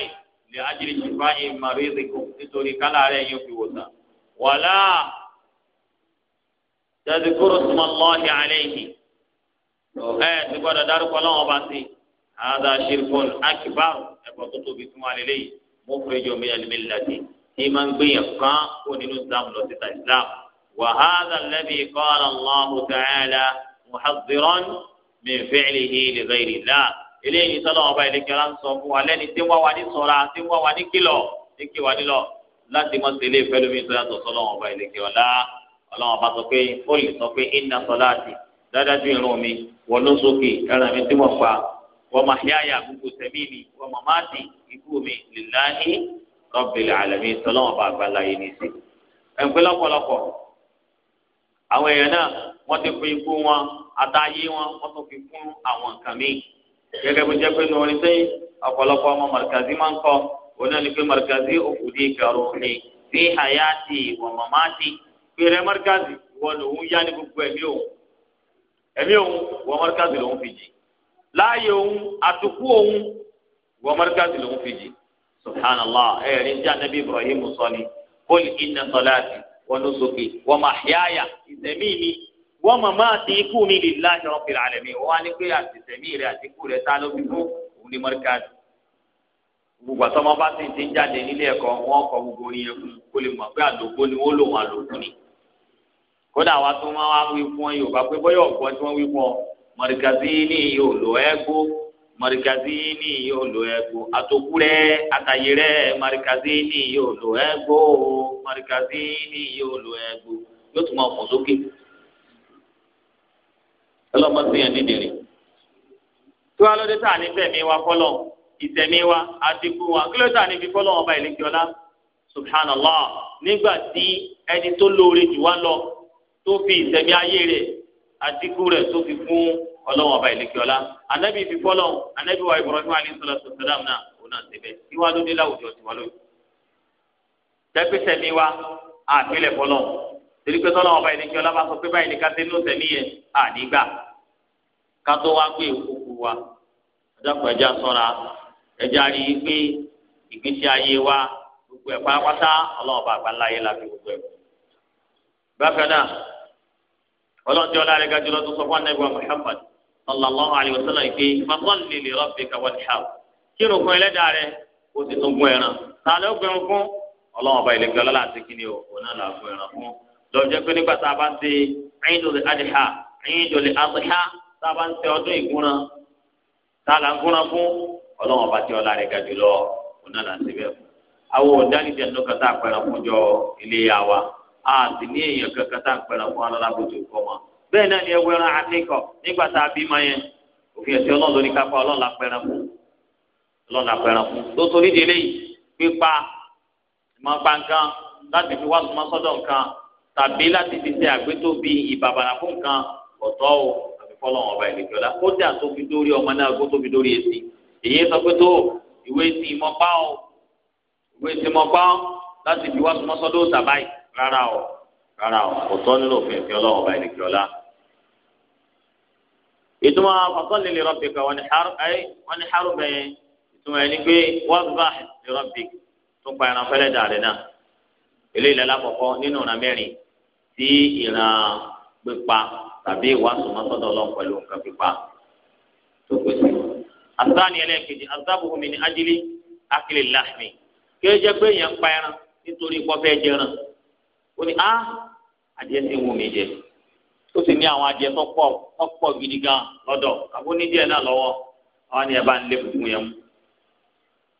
yìí lè ájírí ṣùgbọ́n àyè màrí ìdìkù nítorí kálá rẹ̀ yóò fi wòsàn. wàlá tẹ̀síkúrò súnmọ́ lọ́ọ̀hì alẹ́ yìí ẹ̀ ti gbọ́dọ̀ dárúkọ lọ́wọ́ bá sí àdá ṣirkun akbar ẹ̀kọ́ tó tóbi fún wa lélẹ́yìí mo fẹ́ jọ mi àlùmílàdì ní máa ń gbìyàn kan kó nínú islam lọ síta islam wàhálà lẹ́bi kọ́ eléyìí sọlọ ọba ìlẹkẹ ọlá ń sọ fún wa lẹni tí ń wá wa ní ṣọ́ra tí ń wá wa ní kìlọ̀ tí ń ké wa nílọ láti mọ sí ilé ìfẹ́ lómi ìtọ́jàtọ̀ sọlọ ọba ìlẹkẹ ọlá ọlọ́wọ́n ọba sọ pé fóòlì sọ pé iná sọlá àti dáadájú irun mi wọ́n ló sókè ẹran mi tí wọ́n pa wọ́n máa yá àyà gbogbo sẹ́mi mi wọ́n máa má dì ikú mi lìláhí rọ́bìlì àlẹ́mí sọlọ́wọ́n ọba àgbàlá yìí nìsí. ẹ̀ǹpẹ́ lọ́pọ̀lọpọ̀ àwọn èèyàn náà wọ́n ti fi ikú wọn gẹ́gẹ́ bó jẹ́ pé ní orin sẹ́yìn ọ̀pọ̀lọpọ̀ ọmọ markazi máa ń kọ́ oní ẹni pé markazi òkùdí kẹrù ni sí hayati wọ mamati pèrè markazi wọn lòun yá ní gbogbo ẹ̀mí òun ẹ̀mí òun wọ markazi lòun fi jì láàyè òun àtúkú òun wọ markazi lòun fi jì subhanallah ẹ̀rín jẹ́ anabi wọ́n mọ̀ máa ti ikú mi lillahi rabbil alamin wọ́n á ní pé àtìsẹ̀mí rẹ̀ àti ikú rẹ̀ ta ló fi fún òun ní mọ́ríkàdì. gbogbo àtọ́mọ́ bá sì ti ń jáde nílé ẹ̀kọ́ wọn kọ gbogbo oníyẹn fún kó lè mọ̀ pé àlòkó ni wọ́n lò wọn àlòkó ni. kódà wa tó máa wí fún yorùbá pé bọ́yọ̀ ọ̀gbọ́n tí wọ́n wí fún ọ mọ̀ríkàzíní yóò lò ẹ́gbó mọ̀ríkàzíní yóò lò ẹ́gbó ọlọ́mọ sí yẹn dídìrì tí wàá lóde tá a ní tẹ̀mí wa fọlọ́ ìtẹ̀mí wa àdínkù wa kí ló tá a ní fi fọlọ́ ọba ìlẹ́kì ọlá subhanallah nígbà tí ẹni tó lóore jù wá lọ tó fi ìtẹ̀mí ayé rẹ̀ àdínkù rẹ̀ tó fi fún ọlọ́wọ́n ọba ìlẹ́kì ọlá anabi fi fọlọ́ anabi wa ibrahim alayhi salatu wa náà òun náà síbẹ̀ kí wàá lóde láwùjọ torí pé tọ́lọ́ ọba ìdíkẹ́ ọlọ́ba sọ pé báyìí ni ká ṣe ní òtẹ́lẹ̀ yẹn àdígbà ká tó wá gbé òkú wa ọjọ́pọ̀ ẹja sọ́ra ẹja rí i pé ìgbésí ayé wa gbogbo ẹ̀ pátápátá ọlọ́ọ̀ba àgbáńlá yẹn la fi gbogbo ẹ̀. bákan náà ọlọ́ọ̀tí ọlá rẹ̀ gajù lọ́dún sọ fún anábìwá Muhammad sallallahu alayhi wa sallam pé fasalli li rabbika wanhar kí ló fún ẹlẹ́dàá rẹ̀ kó o ti tún gún ẹran tààlẹ́ ó gbẹ̀rún fún ọlọ́ọ̀ba ìlẹ̀kẹ́ ọlọ́lá àti kíni ò náà lọ́jọ́ pé nígbà tá a bá ń ṣe Eidul Adha Eidul Adha tá a bá ń ṣe ọdún ìgúnran tá a là ń gúnran fún ọlọ́run ọba tí ọlá rẹ̀ ga jùlọ òun náà là ń ṣe bẹ́ẹ̀ fún. àwọn òdánidẹ̀ ló kàtà àpẹẹrẹ fún jọ iléyà wa a sì ní èèyàn kankan tá àpẹẹrẹ fún alábòjò kọ́ mọ́ bẹ́ẹ̀ náà ni ẹwẹ́ ran akẹ́kọ̀ọ́ nígbà tá a bímọ yẹn òfin ẹ̀sìn ọlọ́run ló ní tàbí láti fi ṣe àgbétóbi ìbàbàrà fún nǹkan ọ̀tọ̀ o àbí fọlọ́ ọba ìlẹ̀jọ́lá ó dà tó fi dórí ọmọ náà kó tó fi dórí èsì èyí sọ pé tó ìwé ti mọ pa ọ ìwé ti mọ pa ọ láti fi wá súnmọ́ sọ́dọ̀ òtàbá yìí rárá o rárá o ọ̀tọ̀ nínú òfin ìfẹ́ ọlọ́run ọba ìlẹ̀jọ́lá. ìtumọ̀ fasalli li rabbika wọ́n ní xaaru bẹ́ẹ̀ ìtumọ̀ ẹni pé wasbah li rabbika tó pa ẹran fẹ́lẹ́ dàrẹ́ náà eléyìí lẹ́la kọ̀ọ̀kọ́ nínú ọ̀nà mẹ́rin sí ìran pípa tàbí ìwàsùnmọ́sọ́dọ̀ ọlọ́run pẹ̀lú nǹkan pípa tó pèsè. àtàní ẹlẹ́ẹ̀kejì azábùhùn mi ní ajílí akílè láàmì kí ó jẹ́ pé èèyàn pa ẹran nítorí pọ́fẹ́ jẹran ó ní á adìẹ sì ń wù mí jẹ ó sì ní àwọn adìẹ tó pọ̀ tó pọ̀ gidi gan lọ́dọ̀ àbó ní díẹ̀ náà lọ́wọ́ àwọn ni ẹ bá ń lé funfun yẹn mú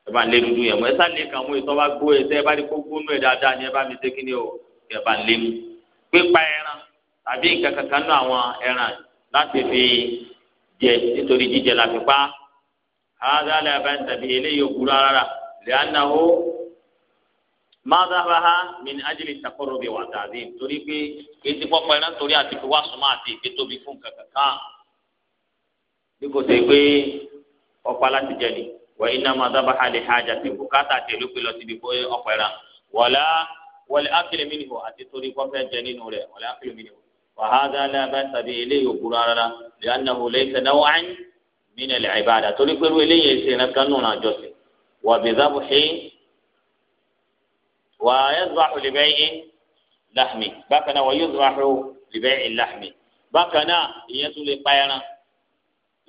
ẹ bá ń lé dúdú yẹn mú ẹ sá lè kàn mú ìtọ́ bá gbó ẹ sẹ́ ẹ bá rí kó gbónú ẹ dáadáa ni ẹ bá mi ṣe kí ni o ẹ bá ń lé mú. pípa ẹran tàbí nǹkan kankan nú àwọn ẹran láti fi jẹ nítorí jíjẹ láti pa hàdá lẹ́bàá tàbí eléyìí òkúrò rárá lẹ́yìnáwó mọ́tàbáhá mi ní ajílẹ̀ ìtakọ̀rọ̀ bí wà tàbí torí pé etí pọ́pọ́ ẹran torí àti fi wá súnmọ́ àti ìgbé tóbi fún kankan bí kò sí pé ọ̀pá láti jẹ ni wọ́n iná mọ́tàbáhá lè wọlé akele mi nìbọ àti torí kọfẹ jẹ nínú rẹ̀ wọlé akele mi nìbọ wàhálà alábẹ tàbí eléyìí òkúra rárá lẹ́yìn àwọn olè tẹ̀dáwọ́ ẹ̀ nínú ilẹ̀ ìbáda torí pé eléyìí èsì rẹ̀ kan nùnà jọ̀sìn wà bìzábù xì wà yẹ́zùbáxù libẹ́yìn láhmi bákan náà wà yẹ́zùbáxù libẹ́yìn láhmi bákan náà ìyẹn tún lè pa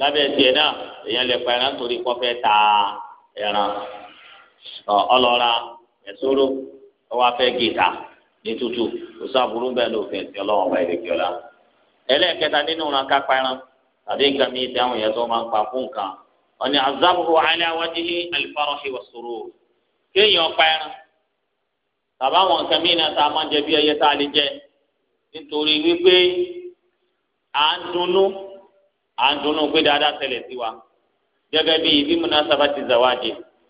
lábẹ́ tiẹ̀ náà ìyẹn lè pa ẹran torí kọfẹ ta ọlọ́ra ẹ̀sọ́rọ́. ọwọ́ afẹ́ gíga ní tútù kò sí aburú bẹ́ẹ̀ lófin ẹ̀sìn ọlọ́wọ́n ọba ìrèké ọ̀la. ẹlẹ́ẹ̀kẹta nínú ọ̀nà kápá ẹran tàbí nǹkan mi ti àwọn èèyàn tó máa ń pa fún nǹkan azabuhu kéèyàn pa ẹran tàbá nǹkan a máa a lè jẹ nítorí wípé wa bí ibi múnasaba ti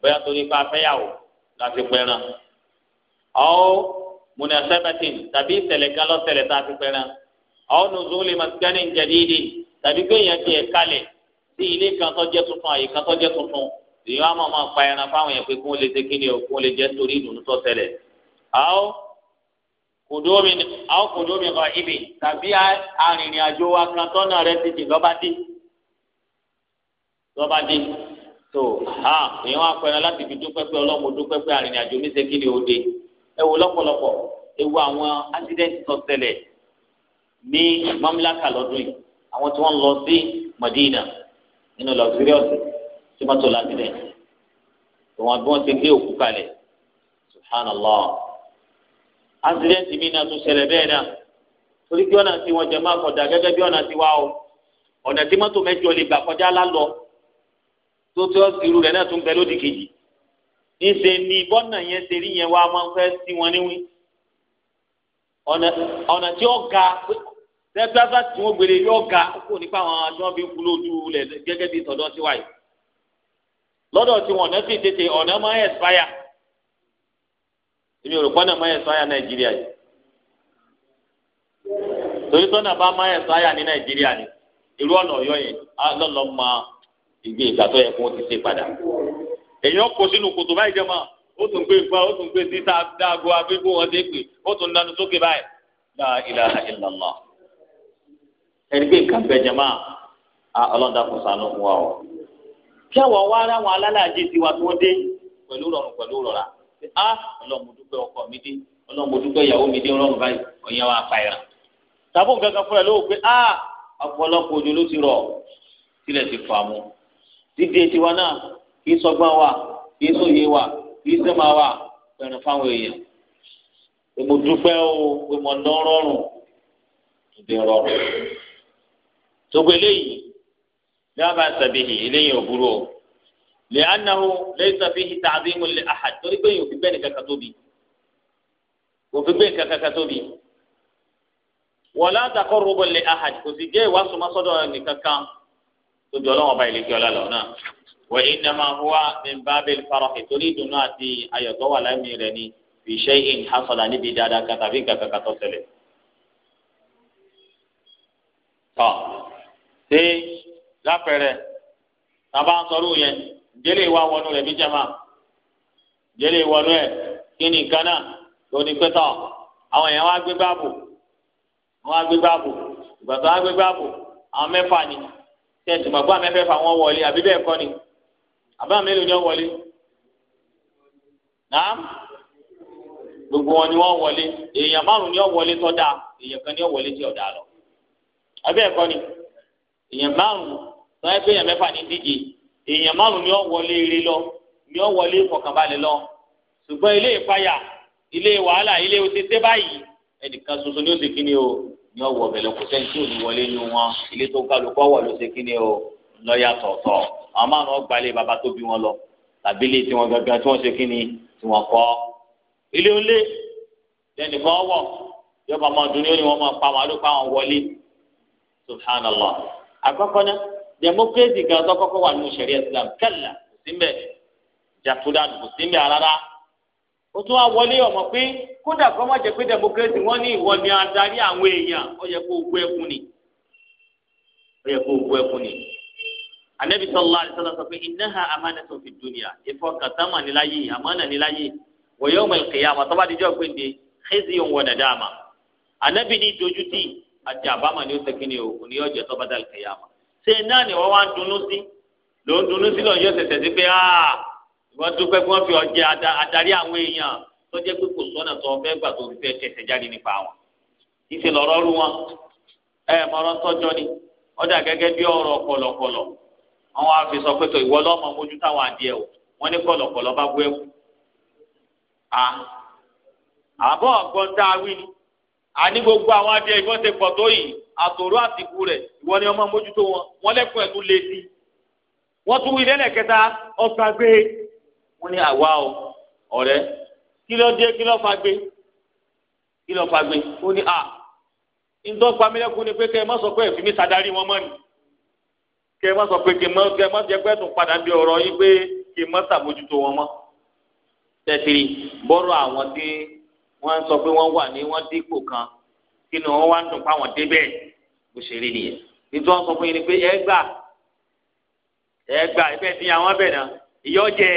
bóyá torí pé afẹ́yàwó láti aw munasabatin tàbí ìṣẹ̀lẹ̀ kan lọ́ṣẹlẹ̀ tá a fi pẹran aw nuzuli maskanin jadidi tàbí kéèyàn tiẹ̀ kalẹ̀ sí ilé kan tó jẹ́ tuntun àyè kan tó jẹ́ tuntun èèyàn á máa máa pa ẹran fáwọn yẹn pé kó lè ṣe kíni o kó lè jẹ́ torí ìdùnnú tó ṣẹlẹ̀ aw kùdómi aw kùdómi kan ibi tàbí arìnrìn-àjò wa kan tọ́nà rẹ ti dì lọ́ba dì ha èèyàn á pẹran láti fi dúpẹ́ pé ọlọ́mọ dúpẹ́ pé arìnrìn-àjò mi ṣe kíni o dé ẹ wò lọ́pọ̀lọpọ̀ ẹ wò àwọn accident tó ṣẹlẹ̀ ní mamlaka lọ́dún yìí àwọn tí wọ́n lọ sí Madina nínú luxurious tí wọ́n tó accident tí wọ́n bí wọ́n ti gbé òkú kalẹ̀ subhanallah accident mi náà tún ṣẹlẹ̀ bẹ́ẹ̀ náà torí kí ọ̀nà tí wọ́n jẹ máa kọjá gẹ́gẹ́ bí ọ̀nà tí wá o ọ̀nà tí mọ́tò mẹ́jọ lè gbà kọjá lálọ́ tó tí ó sì irú rẹ̀ náà tún bẹ lódì kejì ìṣe ni bọ́nà yẹn ṣe rí yẹn wá máa ń fẹ́ sí wọn níwí ọ̀nà tí ó ga tẹ́tẹ́tà tí wọ́n gbére yóò ga kó nípa àwọn tí wọ́n fi ń kú lójú rẹ̀ gẹ́gẹ́ bí tọ̀dọ̀ tiwa yìí lọ́dọ̀ tí wọ́n nẹ́sì tètè ọ̀nà máa ń ẹ̀sáyà èmi ò rò pọ́nà máa ń ẹ̀sáyà nàìjíríà yìí torí tọ́nà bá máa ń ẹ̀sáyà ní nàìjíríà ni ìlú ọ̀nà ọ̀yọ́ yẹn lọ́lọ́ máa ìgbé ìgbà tó yẹ kó ti ṣe padà èyàn kó sínú kòtò báyìí jẹ́ máa ó tún gbé nǹkan ó tún gbé títà dáago abébó wọn dé pé ó tún nanu sókè báyìí la ilaha illallah ẹni pé nǹkan bẹ jẹ máa a ọlọ́dà kò sànú fún wa o kí àwọn wá ara wọn alálàájì tiwa tó dé pẹ̀lú rọrùn pẹ̀lú rọra a ọlọ́run mo dúpẹ́ ọkọ mi dé ọlọ́run mo dúpẹ́ ìyàwó mi dé ọlọ́run báyìí ọ̀yẹ́ wa fa ìràn tàbó nǹkan kan fúnra lówó pé a ọ̀pọ̀lọpọ̀ òjò ló ti rọ̀ tilẹ̀ ti fà mú kì í sọgbọ́n wa kì í sòye wa kì í sẹ́mà wa pẹ̀rẹ̀ fáwọn èèyàn pé mo dúpẹ́ o pé mo ná rọrùn ìdè rọrùn tóbi eléyìí dábàá sàbíhì eléyìí ò burú o lè anahu lẹ́yìn sàbíhì tàbí mo lè àhà torí pé yòó fi bẹ́ẹ̀ nìkan kan tóbi òfin gbé nǹkan kankan tóbi wọlé àtàkọ rúbọ lè àhà kò sì jẹ́ ìwà sọmọsọdọ nìkan tó jọ lọ́wọ́ ọba ìlẹ̀kẹ́ ọlá lọ náà. وإنما هو من باب الفرح تريد ناتي أيضا الأميرني في شيء حصل لبدادا كتابين كتابين tọ́ ṣé lápẹ̀rẹ̀ tàbá ń sọ̀rọ̀ yẹn jẹ́lẹ̀ ìwà wọnú rẹ̀ bí jẹ́mà jẹ́lẹ̀ ìwọnú ẹ̀ kí ni nǹkan náà tó ní pẹ́tọ́ àwọn èèyàn wá gbé báàbò wọ́n wá gbé báàbò ìgbà tó wá gbé báàbò àwọn mẹ́fà ni tẹ̀sí mọ̀gbọ́n mẹ́fẹ̀ẹ́fà wọ́n wọlé àbí bẹ́ẹ̀ kọ́ ni àbá mélòó ni wọ́n wọlé náà gbogbo wọn ni wọ́n wọlé èèyàn márùn ni wọ́n wọlé tó dáa èèyàn kan ni wọ́n wọlé tí ò dáa lọ abẹ́ ẹ̀kọ́ ni èèyàn márùn tó ẹ pé èèyàn mẹ́fà ní díje èèyàn márùn ni wọ́n wọlé eré lọ ni wọ́n wọlé ìfọkànbalẹ̀ lọ ṣùgbọ́n ilé ìpayà ilé wàhálà ilé òtítẹ́ báyìí ẹnìkan ṣoṣo ni ó ṣe kíni o ni ọwọ́ bẹ̀rẹ̀ kò sẹ́ni tí ò ní wọlé nu wọn ilé tó kálukọ́ wọ̀ ló ṣe kíni o lọ́yàtọ̀ọ̀tọ̀ àwọn márùn ọgbà ilé baba tó bí wọn lọ tàbí ilé tiwọn gangan tí wọ́n ṣe kí ni tí wọ́n kọ́ ilé olé lẹ́nìkan wọ̀ yọba máa dun ní ó ní wọ́n máa pa wọn àdó pa wọlé subhanallah àkọ́kọ́ náà democracy kan tó kọ́kọ́ wà nínú sẹ̀rí islam kẹ́là kò sí mbẹ́ jàtúndà kò sí mbẹ́ rárá ó tún wá wọlé ọmọ pé kódà kọ́ má jẹ́ pé democracy wọ́n ní ìwọ ni adarí àwọn èèyàn ó yẹ kó gbọ́ ẹkún ni ó yẹ kó gbọ́ ẹkún ni anabi sallallahu alaihi wasallam sọ pé innaha amanatun fi dunya ìfọkàntánmà níláyé àmánà níláyé wa yawmal qiyamah tó bá dijọ́ gbèǹde khizyun wa nadama anabi ní dojútì àti àbámọ̀ ni ó ṣe kíni o òní ọjọ́ tó bá dal qiyamah ṣe náà ni wọ́n wá ń dunú sí ló ń dunú sí lọ́yọ́ ṣẹ̀ṣẹ̀ sí pé wọ́n dúpẹ́ kí wọ́n fi ọjẹ́ adarí àwọn èèyàn tó jẹ́ pé kò sọ́nà tó fẹ́ gbà tó fi fẹ́ ṣẹ̀ṣẹ̀ jáde nípa wọn ìṣe lọ́rọ́ rú wọn ẹ mọ̀rọ́ tọ́jọ́ ni ọ̀dà gẹ́gẹ́ bí ọ̀rọ̀ kọ̀lọ̀kọ̀lọ̀ wọn wá fi sọ pé tó ìwọ lọ́mọ mójú táwọn adìẹ o wọn ní kọ̀lọ̀kọ̀lọ̀ bá bú ẹkú à àbọ̀ ọ̀gbọ́n tá a wí ni àní gbogbo àwọn adìẹ ìbọn ti pọ̀ tó yìí àtòrò àtìkù rẹ̀ ìwọ ni ọmọ mójútó wọn wọn lẹ́kùn ẹ̀ tún lé sí i wọ́n tún wí lẹ́lẹ̀ kẹta ọ̀fà gbé wọ́n ní àwa o ọ̀rẹ́ kí dé kí fà gbé kí fà gbé ó ní à ńdọ́gba mílẹ̀kùn ni pé kẹ́ ẹ má sọ pé ẹ̀fí mi sàdárí wọn mọ́ ni kẹ ẹ má sọ pé kẹ ẹ má kẹ ẹ má jẹ pé ẹtùn padà bí ọ̀rọ̀ yín pé kẹ ẹ má ṣàbójútó wọn mọ́ tẹsiri bọrọ àwọn tí wọ́n sọ pé wọ́n wà ní wọ́n dípò kan kí ni wọ́n wá ń dùn fáwọn débẹ̀ bó ṣe rí nìyẹn nítorí wọ́n sọ fún yín ni pé ẹ gbà ẹ gbà ẹ bẹ́ẹ̀ ti yàn wọn bẹ́ẹ̀ náà jẹ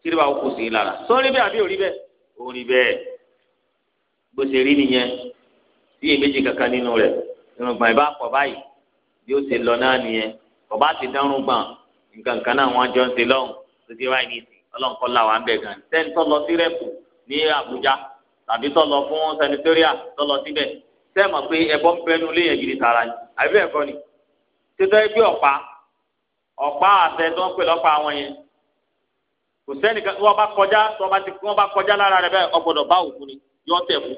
tìrìbà kò sí i lára sọ rí bẹ́ẹ̀ àbí ò bẹ́ẹ̀ ò bẹ́ẹ̀ bó ṣe rí nìyẹn tí kankan nínú rẹ̀ irùngbọ̀n ìbá pọ̀ báyìí bí ó ṣe lọ náà nìyẹn bàbá ti dánrún gbọ̀n nǹkan kan náà wọ́n jọ ń ṣe lọ́hùn tó ti wáyé nìyí ọlọ́nkọ́ là wà gan sẹ́ni tó sí rẹ́pù ní Àbújá tàbí tó fún sanitariya tó síbẹ̀ sẹ́ẹ̀ mọ̀ pé ẹ̀bọ́n bẹnu léyìn gidi tààrà ni àbí ẹ̀kọ́ ni títọ́ ẹgbẹ́ ọ̀pá ọ̀pá àtẹ tó ń pè lọ́pàá àwọn yẹn kò sẹ́ni kan wọ́n bá kọjá tó bá ti wọ́n bá kọjá lára rẹ̀ bẹ́ẹ̀ ọgbọ́dọ̀ bá òkú ni yọ tẹ̀ fún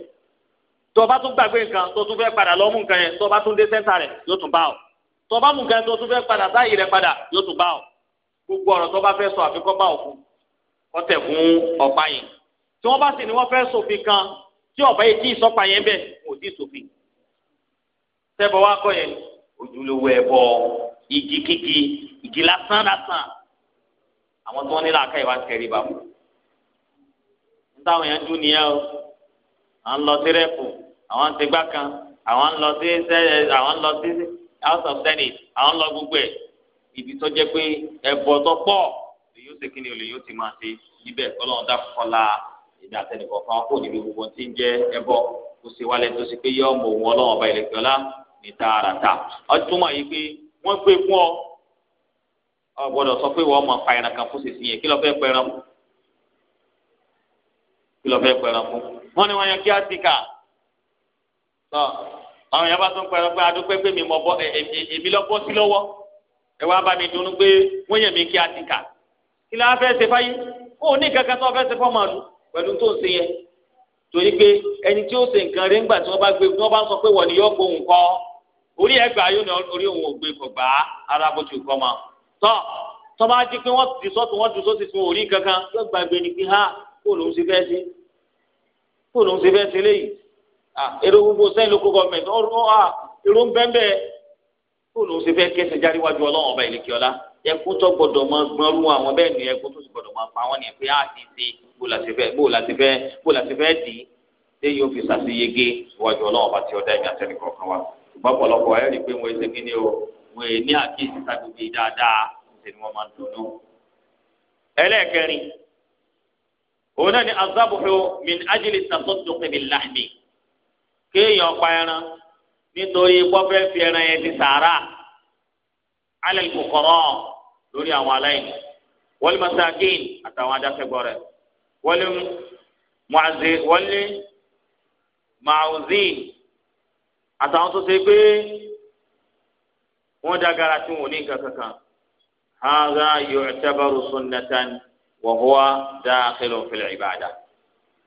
tó bá tún gbàgbé nǹkan tó tún fẹ́ padà lọ́mú nǹkan yẹn tó bá tún dé sẹ́ńtà rẹ̀ yóò tún bá ọ̀ tó bá mú nǹkan tó tún fẹ́ padà sáàyè rẹ padà yóò tún bá ọ gbogbo ọ̀rọ̀ tó bá fẹ́ sọ àfikọ́ bá òkú ọtẹ̀ fún ọ̀pá yẹn tí wọ́n bá sì ní wọ́n fẹ́ sòfin kan tí ọ̀bá yìí tí ìsọ́pá yẹn bẹ̀ kò tí ì sòfin tẹ́bọ̀ wá kọ́ yẹn ojúlówó ẹ̀bọ igi kíkì igi lásán lásán àwọn tó ń nílò àká ìwà tẹ̀rí bá mu nítawọn yẹn dún nìyẹn o à ń lọ sí rẹ́pù àwọn ti gbá kan àwọn ń lọ sí sẹ́ẹ̀ àwọn ń lọ sí sẹ́ẹ̀ house of senate àwọn lọ gbogbo ẹ̀ ibi tó jẹ́ pé ẹ̀bọ̀ tó pọ̀ lèyí ó ṣe kí o lèyí ó ti máa ṣe níbẹ̀ kọ́lọ́run dákọ́lá ìdá àtẹnìkọ̀ kan kò níbi gbogbo tí ń jẹ́ ẹ̀bọ̀ kó ṣe wálẹ̀ tó ṣe pé yọ ọmọ òun ọlọ́run ọba ilẹ̀ gbọ́lá ní tààràtà ọtún mọ̀ yìí pé wọ́n gbé fún ọ ọ gbọ́dọ̀ sọ pé wọ́n mọ̀ pa ẹran kan fún ṣèṣin yẹn kí lọ́ọ́ fẹ́ pẹran fún kí lọ́ọ́ fẹ́ pẹran fún wọ́n ní wọ́n yan kí á ti kà àwọn yàrá tó ń pẹ́ pé adúpẹ́ pé mi mọ̀ bọ́ èmi lọ bọ́ sí lọ́wọ́ ẹ wá bá mi dunu pé wọ́n yẹ̀ mí kí a ti kà kí la fẹ́ ṣe fáyé ó ní kankan tó fẹ́ ṣe fọ́ màlúù pẹ̀lú tó ń ṣe yẹn torí pé ẹni tí ó ṣe nǹkan rẹ̀ ńgbà tí wọ́n bá gbé tí wọ́n bá ń sọ pé wọ̀ ni yóò kó òun kọ́ orí ẹgbàá yóò ní orí òun ò kò gbà á ara bó ti kọ́ ma tọ́ tọ́ bá jí pé wọ́n ti sọ́tún wọ́n ti sọ́tún fún orí kankan yóò gbàgbé ni pé ha kó lòun ṣe fẹ́ ṣe kó lòun ṣe fẹ́ ṣe léyìí Ah, èrò gbogbo sẹ́yìn lóko gọ́ọ̀mẹ̀ntì ọ̀rọ̀ à ah, èrò ń bẹ́ńbẹ́ kó ló ń ṣe fẹ́ kẹsẹ̀ járí wájú ọlọ́run ọba ìlẹ́kíọ́lá ẹkún tó gbọdọ̀ máa gbọ́n rú àwọn bẹ́ẹ̀ ni ẹkún tó sì gbọdọ̀ máa pa wọ́n ní ẹ̀fẹ́ àti ṣe bó la ti fẹ́ bó la ti fẹ́ bó la ti fẹ́ dì í ṣé yóò fi ṣàṣeyege wájú ọlọ́run ọba tí ọ̀dà ẹ̀mí àtẹnì kọ̀ọ̀kan wa ṣùgbọ́n ẹ̀ rí i pé wọ́n ṣe kíni o wọ́n ẹ̀ ní àkíyèsí sábẹ́bí dáadáa ṣe ni wọ́n máa ń dunnú. ẹlẹ́ẹ̀kẹrin òun náà ni azabuhu min ajili tasotuqi bil lahmi kéèyàn pa ẹran nítorí pọ́fẹ́ fi ẹran yẹn ti sàárà alẹ́ kòkòrò lórí àwọn aláìní wọ́n lè masakin àtàwọn adáfẹ́gbọ́ rẹ̀ wọ́n lè mọ̀ọ́zì wọ́n lè mọ̀ọ́zì àtàwọn tó ṣe pé wọ́n dagara tí wọ́n ní nǹkan kankan haza yu'tabaru sunnatan wa huwa dakhilun fil ibada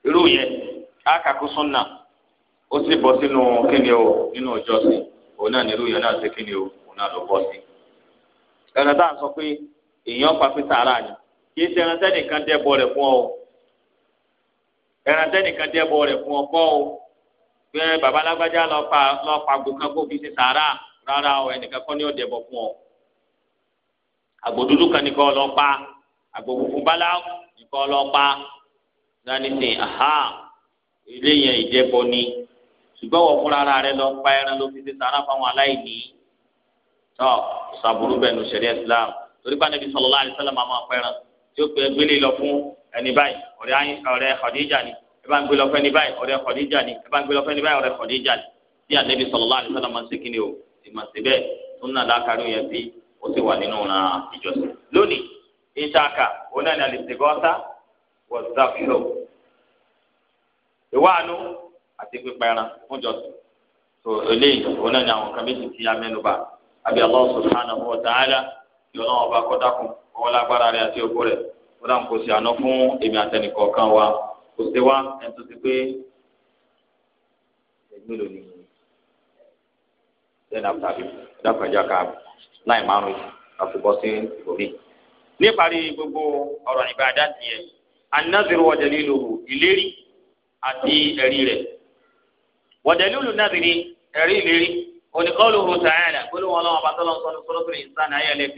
irú yẹn a sunna ó sì bọ́ sínú kíni o nínú ìjọsìn òun náà nílùú yẹn náà ṣe kíni o òun náà ló bọ́ sí. ẹ̀rọ tá à ń sọ pé èèyàn pa pété ara ni kì í ṣe ẹran tẹ́nìkan dẹ́bọ rẹ̀ fún ọ o ẹran tẹ́nìkan dẹ́bọ rẹ̀ fún ọ kọ́ o pé bàbá lágbájá lọ pa lọ pa àgbò kó fi ṣe sàárà rárá o ẹnìkan kọ́ ni ó dẹ́bọ fún ọ àgbò dúdú kan nìkan lọ pa àgbò funfun bálá nìkan lọ pa dánísìn aha ilé yẹn ìjẹ́bọ ni ṣùgbọ́n wọ́n fúnra ara rẹ lọ pa ẹran ló fi ṣe sàrà fáwọn aláìní tọ́ sàbúrú bẹ̀nu ṣẹ̀ríà Islam torí pa Nabi sallallahu alaihi wasallam máa pa ẹran tí ó pe gbélé lọ fún ẹni báyìí ọ̀rẹ́ Khadija ni ẹ bá ń gbé lọ fún ẹni báyìí ọ̀rẹ́ Khadija ni ẹ bá ń gbé lọ fún ẹni báyìí ọ̀rẹ́ Khadija ni tí Nabi sallallahu alaihi wasallam máa ń ṣe kíni o ìmọ̀ síbẹ̀ tó ń nà lákàrí yẹn sí ó sì wà nínú àti pípa ẹran fún jọsìn tó eléyìí òun náà ni àwọn kan méjì ti ya mẹ́nubà àbí Allah subhanahu wa ta'ala yọ̀ọ́ náà ọba kọ́dákùn ọwọ́ lágbára rẹ̀ àti ògbó rẹ̀ ó dà ń kó sí àná fún èmi àtẹnìkọ̀ọ̀kan wa kò sí wa ẹni tó ti pé mélòó ni ten after bi dákàjá ká láì márùn àfubọ́ sí orí. níparí gbogbo ọ̀rọ̀ ìbàdàn tiẹ̀ anáfẹ́rù wa daliluhu ìlérí àti ẹ̀rí rẹ̀. ودليل النذر ريلي ولقوله تعالى قل والله بطل صلى صلى الإنسان أي لك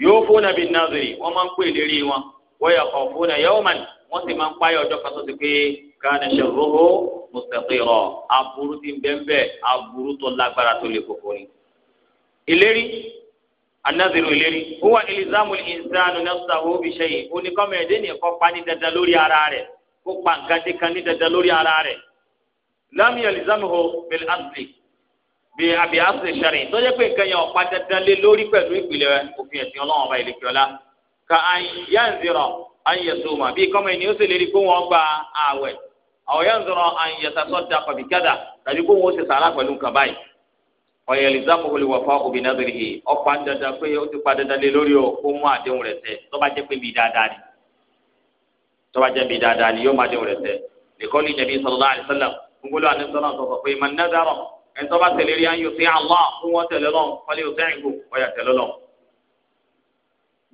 يوفون بالنذر ومن قيل لي ويخافون يوما وسي من قاي وجفت كان شره مستطيرا aburú tí ń bẹ́ńbẹ́ aburú tó lágbára tó lè koko ni. ìlérí anaziru ìlérí huwa ilzamu al-insanu nafsahu bi shay oníkọ́mọ̀ ẹ̀dẹ́ nìkan pa ní dandan lórí ara rẹ̀ kó pa nǹkan tí kan ní dandan lórí ara rẹ̀ lámì ẹlìzámù bẹẹ àti bí àbí àti sari tó jẹ́ pé nǹkan yẹn ọ̀pá dandan lé lórí pẹ̀lú ìpìlẹ̀ òfin ẹ̀sìn ọlọ́run ọba ìlẹ̀kẹ́ ọ̀la ka àyànzìrọ̀ àyẹ̀sọ̀mà bí kọ́mọ ènìyàn sì lérí pé wọ́n gba ààwẹ̀ àwòyànzìrọ̀ àyẹ̀sàtọ̀ da pàbí kádà tàbí pé wọ́n ṣe sàrà pẹ̀lú nǹkan báyìí ọ̀yẹ̀ ẹlìzámù wọlé wà fún obìnrin náà lórí ọ̀pá dandan pé ó ti pa dandan lé lórí o kó mú àdéhùn rẹ̀ ṣẹ tó bá jẹ́ pé bí dáadáa ni tó bá jẹ́ bí dáadáa ni yóò má àdéhùn rẹ̀ ṣẹ lẹ́kọ́lì nàbí sallallahu alaihi wasallam ngolo ani sọlọ sọsọ pé man nadara ẹntọ bá tẹ̀lé rí ayò sí Allah fún wọn tẹ̀lé lọ wọlé òsè ìgò ọyà tẹ̀lé lọ.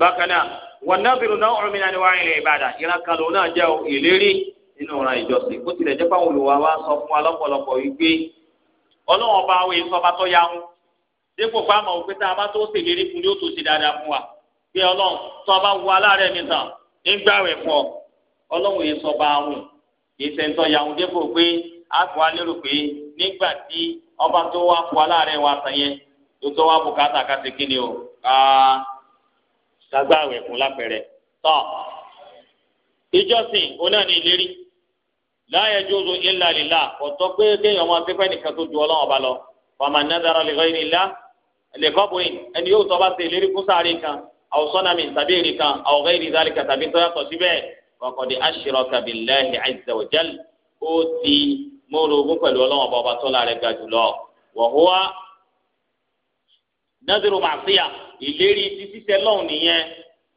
bákan náà wọn náà bìrù náà ọ̀rọ̀ mi náà ni wàá ilẹ̀ ìbàdàn ìran kan lòun náà jẹ́ ìlérí nínú ọ̀ràn ìjọsìn bó tilẹ̀ jẹ́ fáwọn olùwà wa sọ fún wa lọ́pọ̀lọpọ̀ wípé ọlọ́wọ́n bá wọ èso tó yá wọn dípò fáwọn òpin tá a bá tó ṣèlérí fún yóò tó ṣe dáadáa fún wa pé ọlọ́run tó ọba wọ aláàrẹ̀ mi tàn ń gbàwẹ̀ fún ọ ọlọ́run èso ọba yà wọn dípò pé àfọ alérò pé nígbà tí ọba tó wá fọ aláàárẹ̀ wa sàn yẹn tó tó wá bùkátà ká ṣe kíni o ká gbàgbàwẹ̀ fún lápẹ̀rẹ̀ tọ ìjọsìn oná ní ìlérí láyé jóso illa lillah ọ̀tọ́ pé kéèyàn máa ṣe nìkan tó ju ọlọ́run ọba lọ fàmà nàdàrà lè rẹ́ nílá lẹ́kọ́bùnrin ẹni yóò tọ́ba ṣe ìlérí fún sáré kan àwòsánami tàbí èrè kan àwòrán èrè zálìkà tàbí tọ́yàtọ̀ síbẹ̀ kọ̀kọ̀dé ashraka billahi azza wa jal ó ti mo rògùn pẹ̀lú ọlọ́wọ́n bọ́ba tó la rẹ̀ ga jùlọ wọ̀húwá nẹ́dúró màsíyà ìlérí ti títẹ lọ́hùn nìyẹn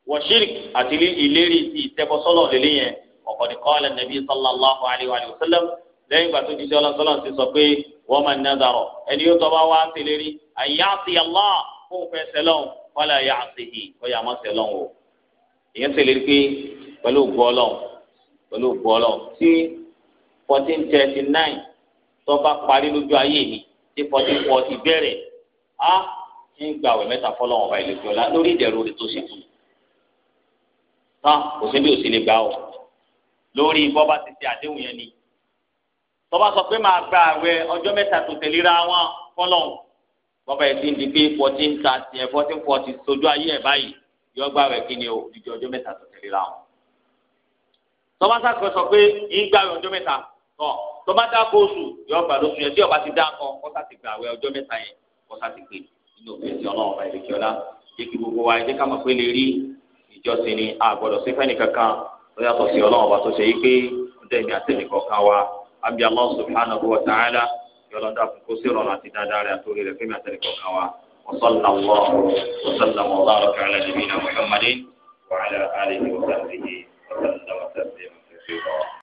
wọ̀ṣírìkì àti ìlérí ti ìtẹ́kọ̀sọ́lọ̀ lélẹ́ yẹn ọ̀kọ̀dì kọ́lẹ̀ nàbí sallallahu alayhi wa sallam lẹ́yìn ìgbà tó jíjẹ́ ọlọ́sọ́lọ́ ti sọ pé wọ́n máa nẹ́dàrọ̀ ẹni yóò tọ́ba wá tẹ̀lérí àyàtì allah fún fẹ́ sẹ́lọ̀n kọ́lẹ̀ àyàtì yìí ó yà má sẹ́lọ̀n o ìyẹn tẹ̀lérí pé pẹ̀lú gbọ́lọ̀ pẹ̀lú gbọ́lọ̀ tí fourteen thirty nine tó bá parí lójú ayé mi sí fourteen forty bẹ̀rẹ̀ á ń gbàwẹ̀ mẹ́ta fọlọ́wọ́n ọba ìlú ìjọba lórí ìdẹ̀rù rẹ̀ tó sì tù tán kò sí bí o sì lè gbà o lórí bọ́ba ti ṣe àdéhùn yẹn ni tọ́ba sọ pé máa gba àwẹ̀ ọjọ́ mẹ́ta tó tẹ̀léra wọn fọlọ́n bọ́ba yẹn ti ń di pé fourteen thirty ẹ̀ eh, fourteen forty sojú ayé ẹ̀ báyìí yọ gba àwẹ̀ kí ni o ìdíje ọjọ́ mẹ́ta tó tẹ̀léra wọn tọ́ba sàkóso pé yín gba ọjọ́ mẹ́ta tán tó bá dáko oṣù yọ ọgbà lóṣù yẹn tí ọba ti dáko kọ́sà ti gbàwé ọjọ́ mẹ́ta yẹn kọ́sà ti gbé nínú òfin ti ọlọ́run ọba ìlẹ̀kẹ́ ọlá jẹ́ kí gbogbo wa ẹ̀jẹ̀ ká mọ̀ pé lè rí ìjọsìn ni a gbọ́dọ̀ kankan tó yàtọ̀ sí ọlọ́run ọba tó ṣe yí pé ó dẹ̀ mí àtẹ̀mí kọ̀ọ̀kan wa àbí Allah subhanahu wa ta'ala yọlọ́dà fún kó sí ìrọ̀rùn àti dáadáa rẹ̀ àtòrí rẹ̀ fẹ́mi àtẹ̀mí kọ̀ọ̀kan wa. وصلى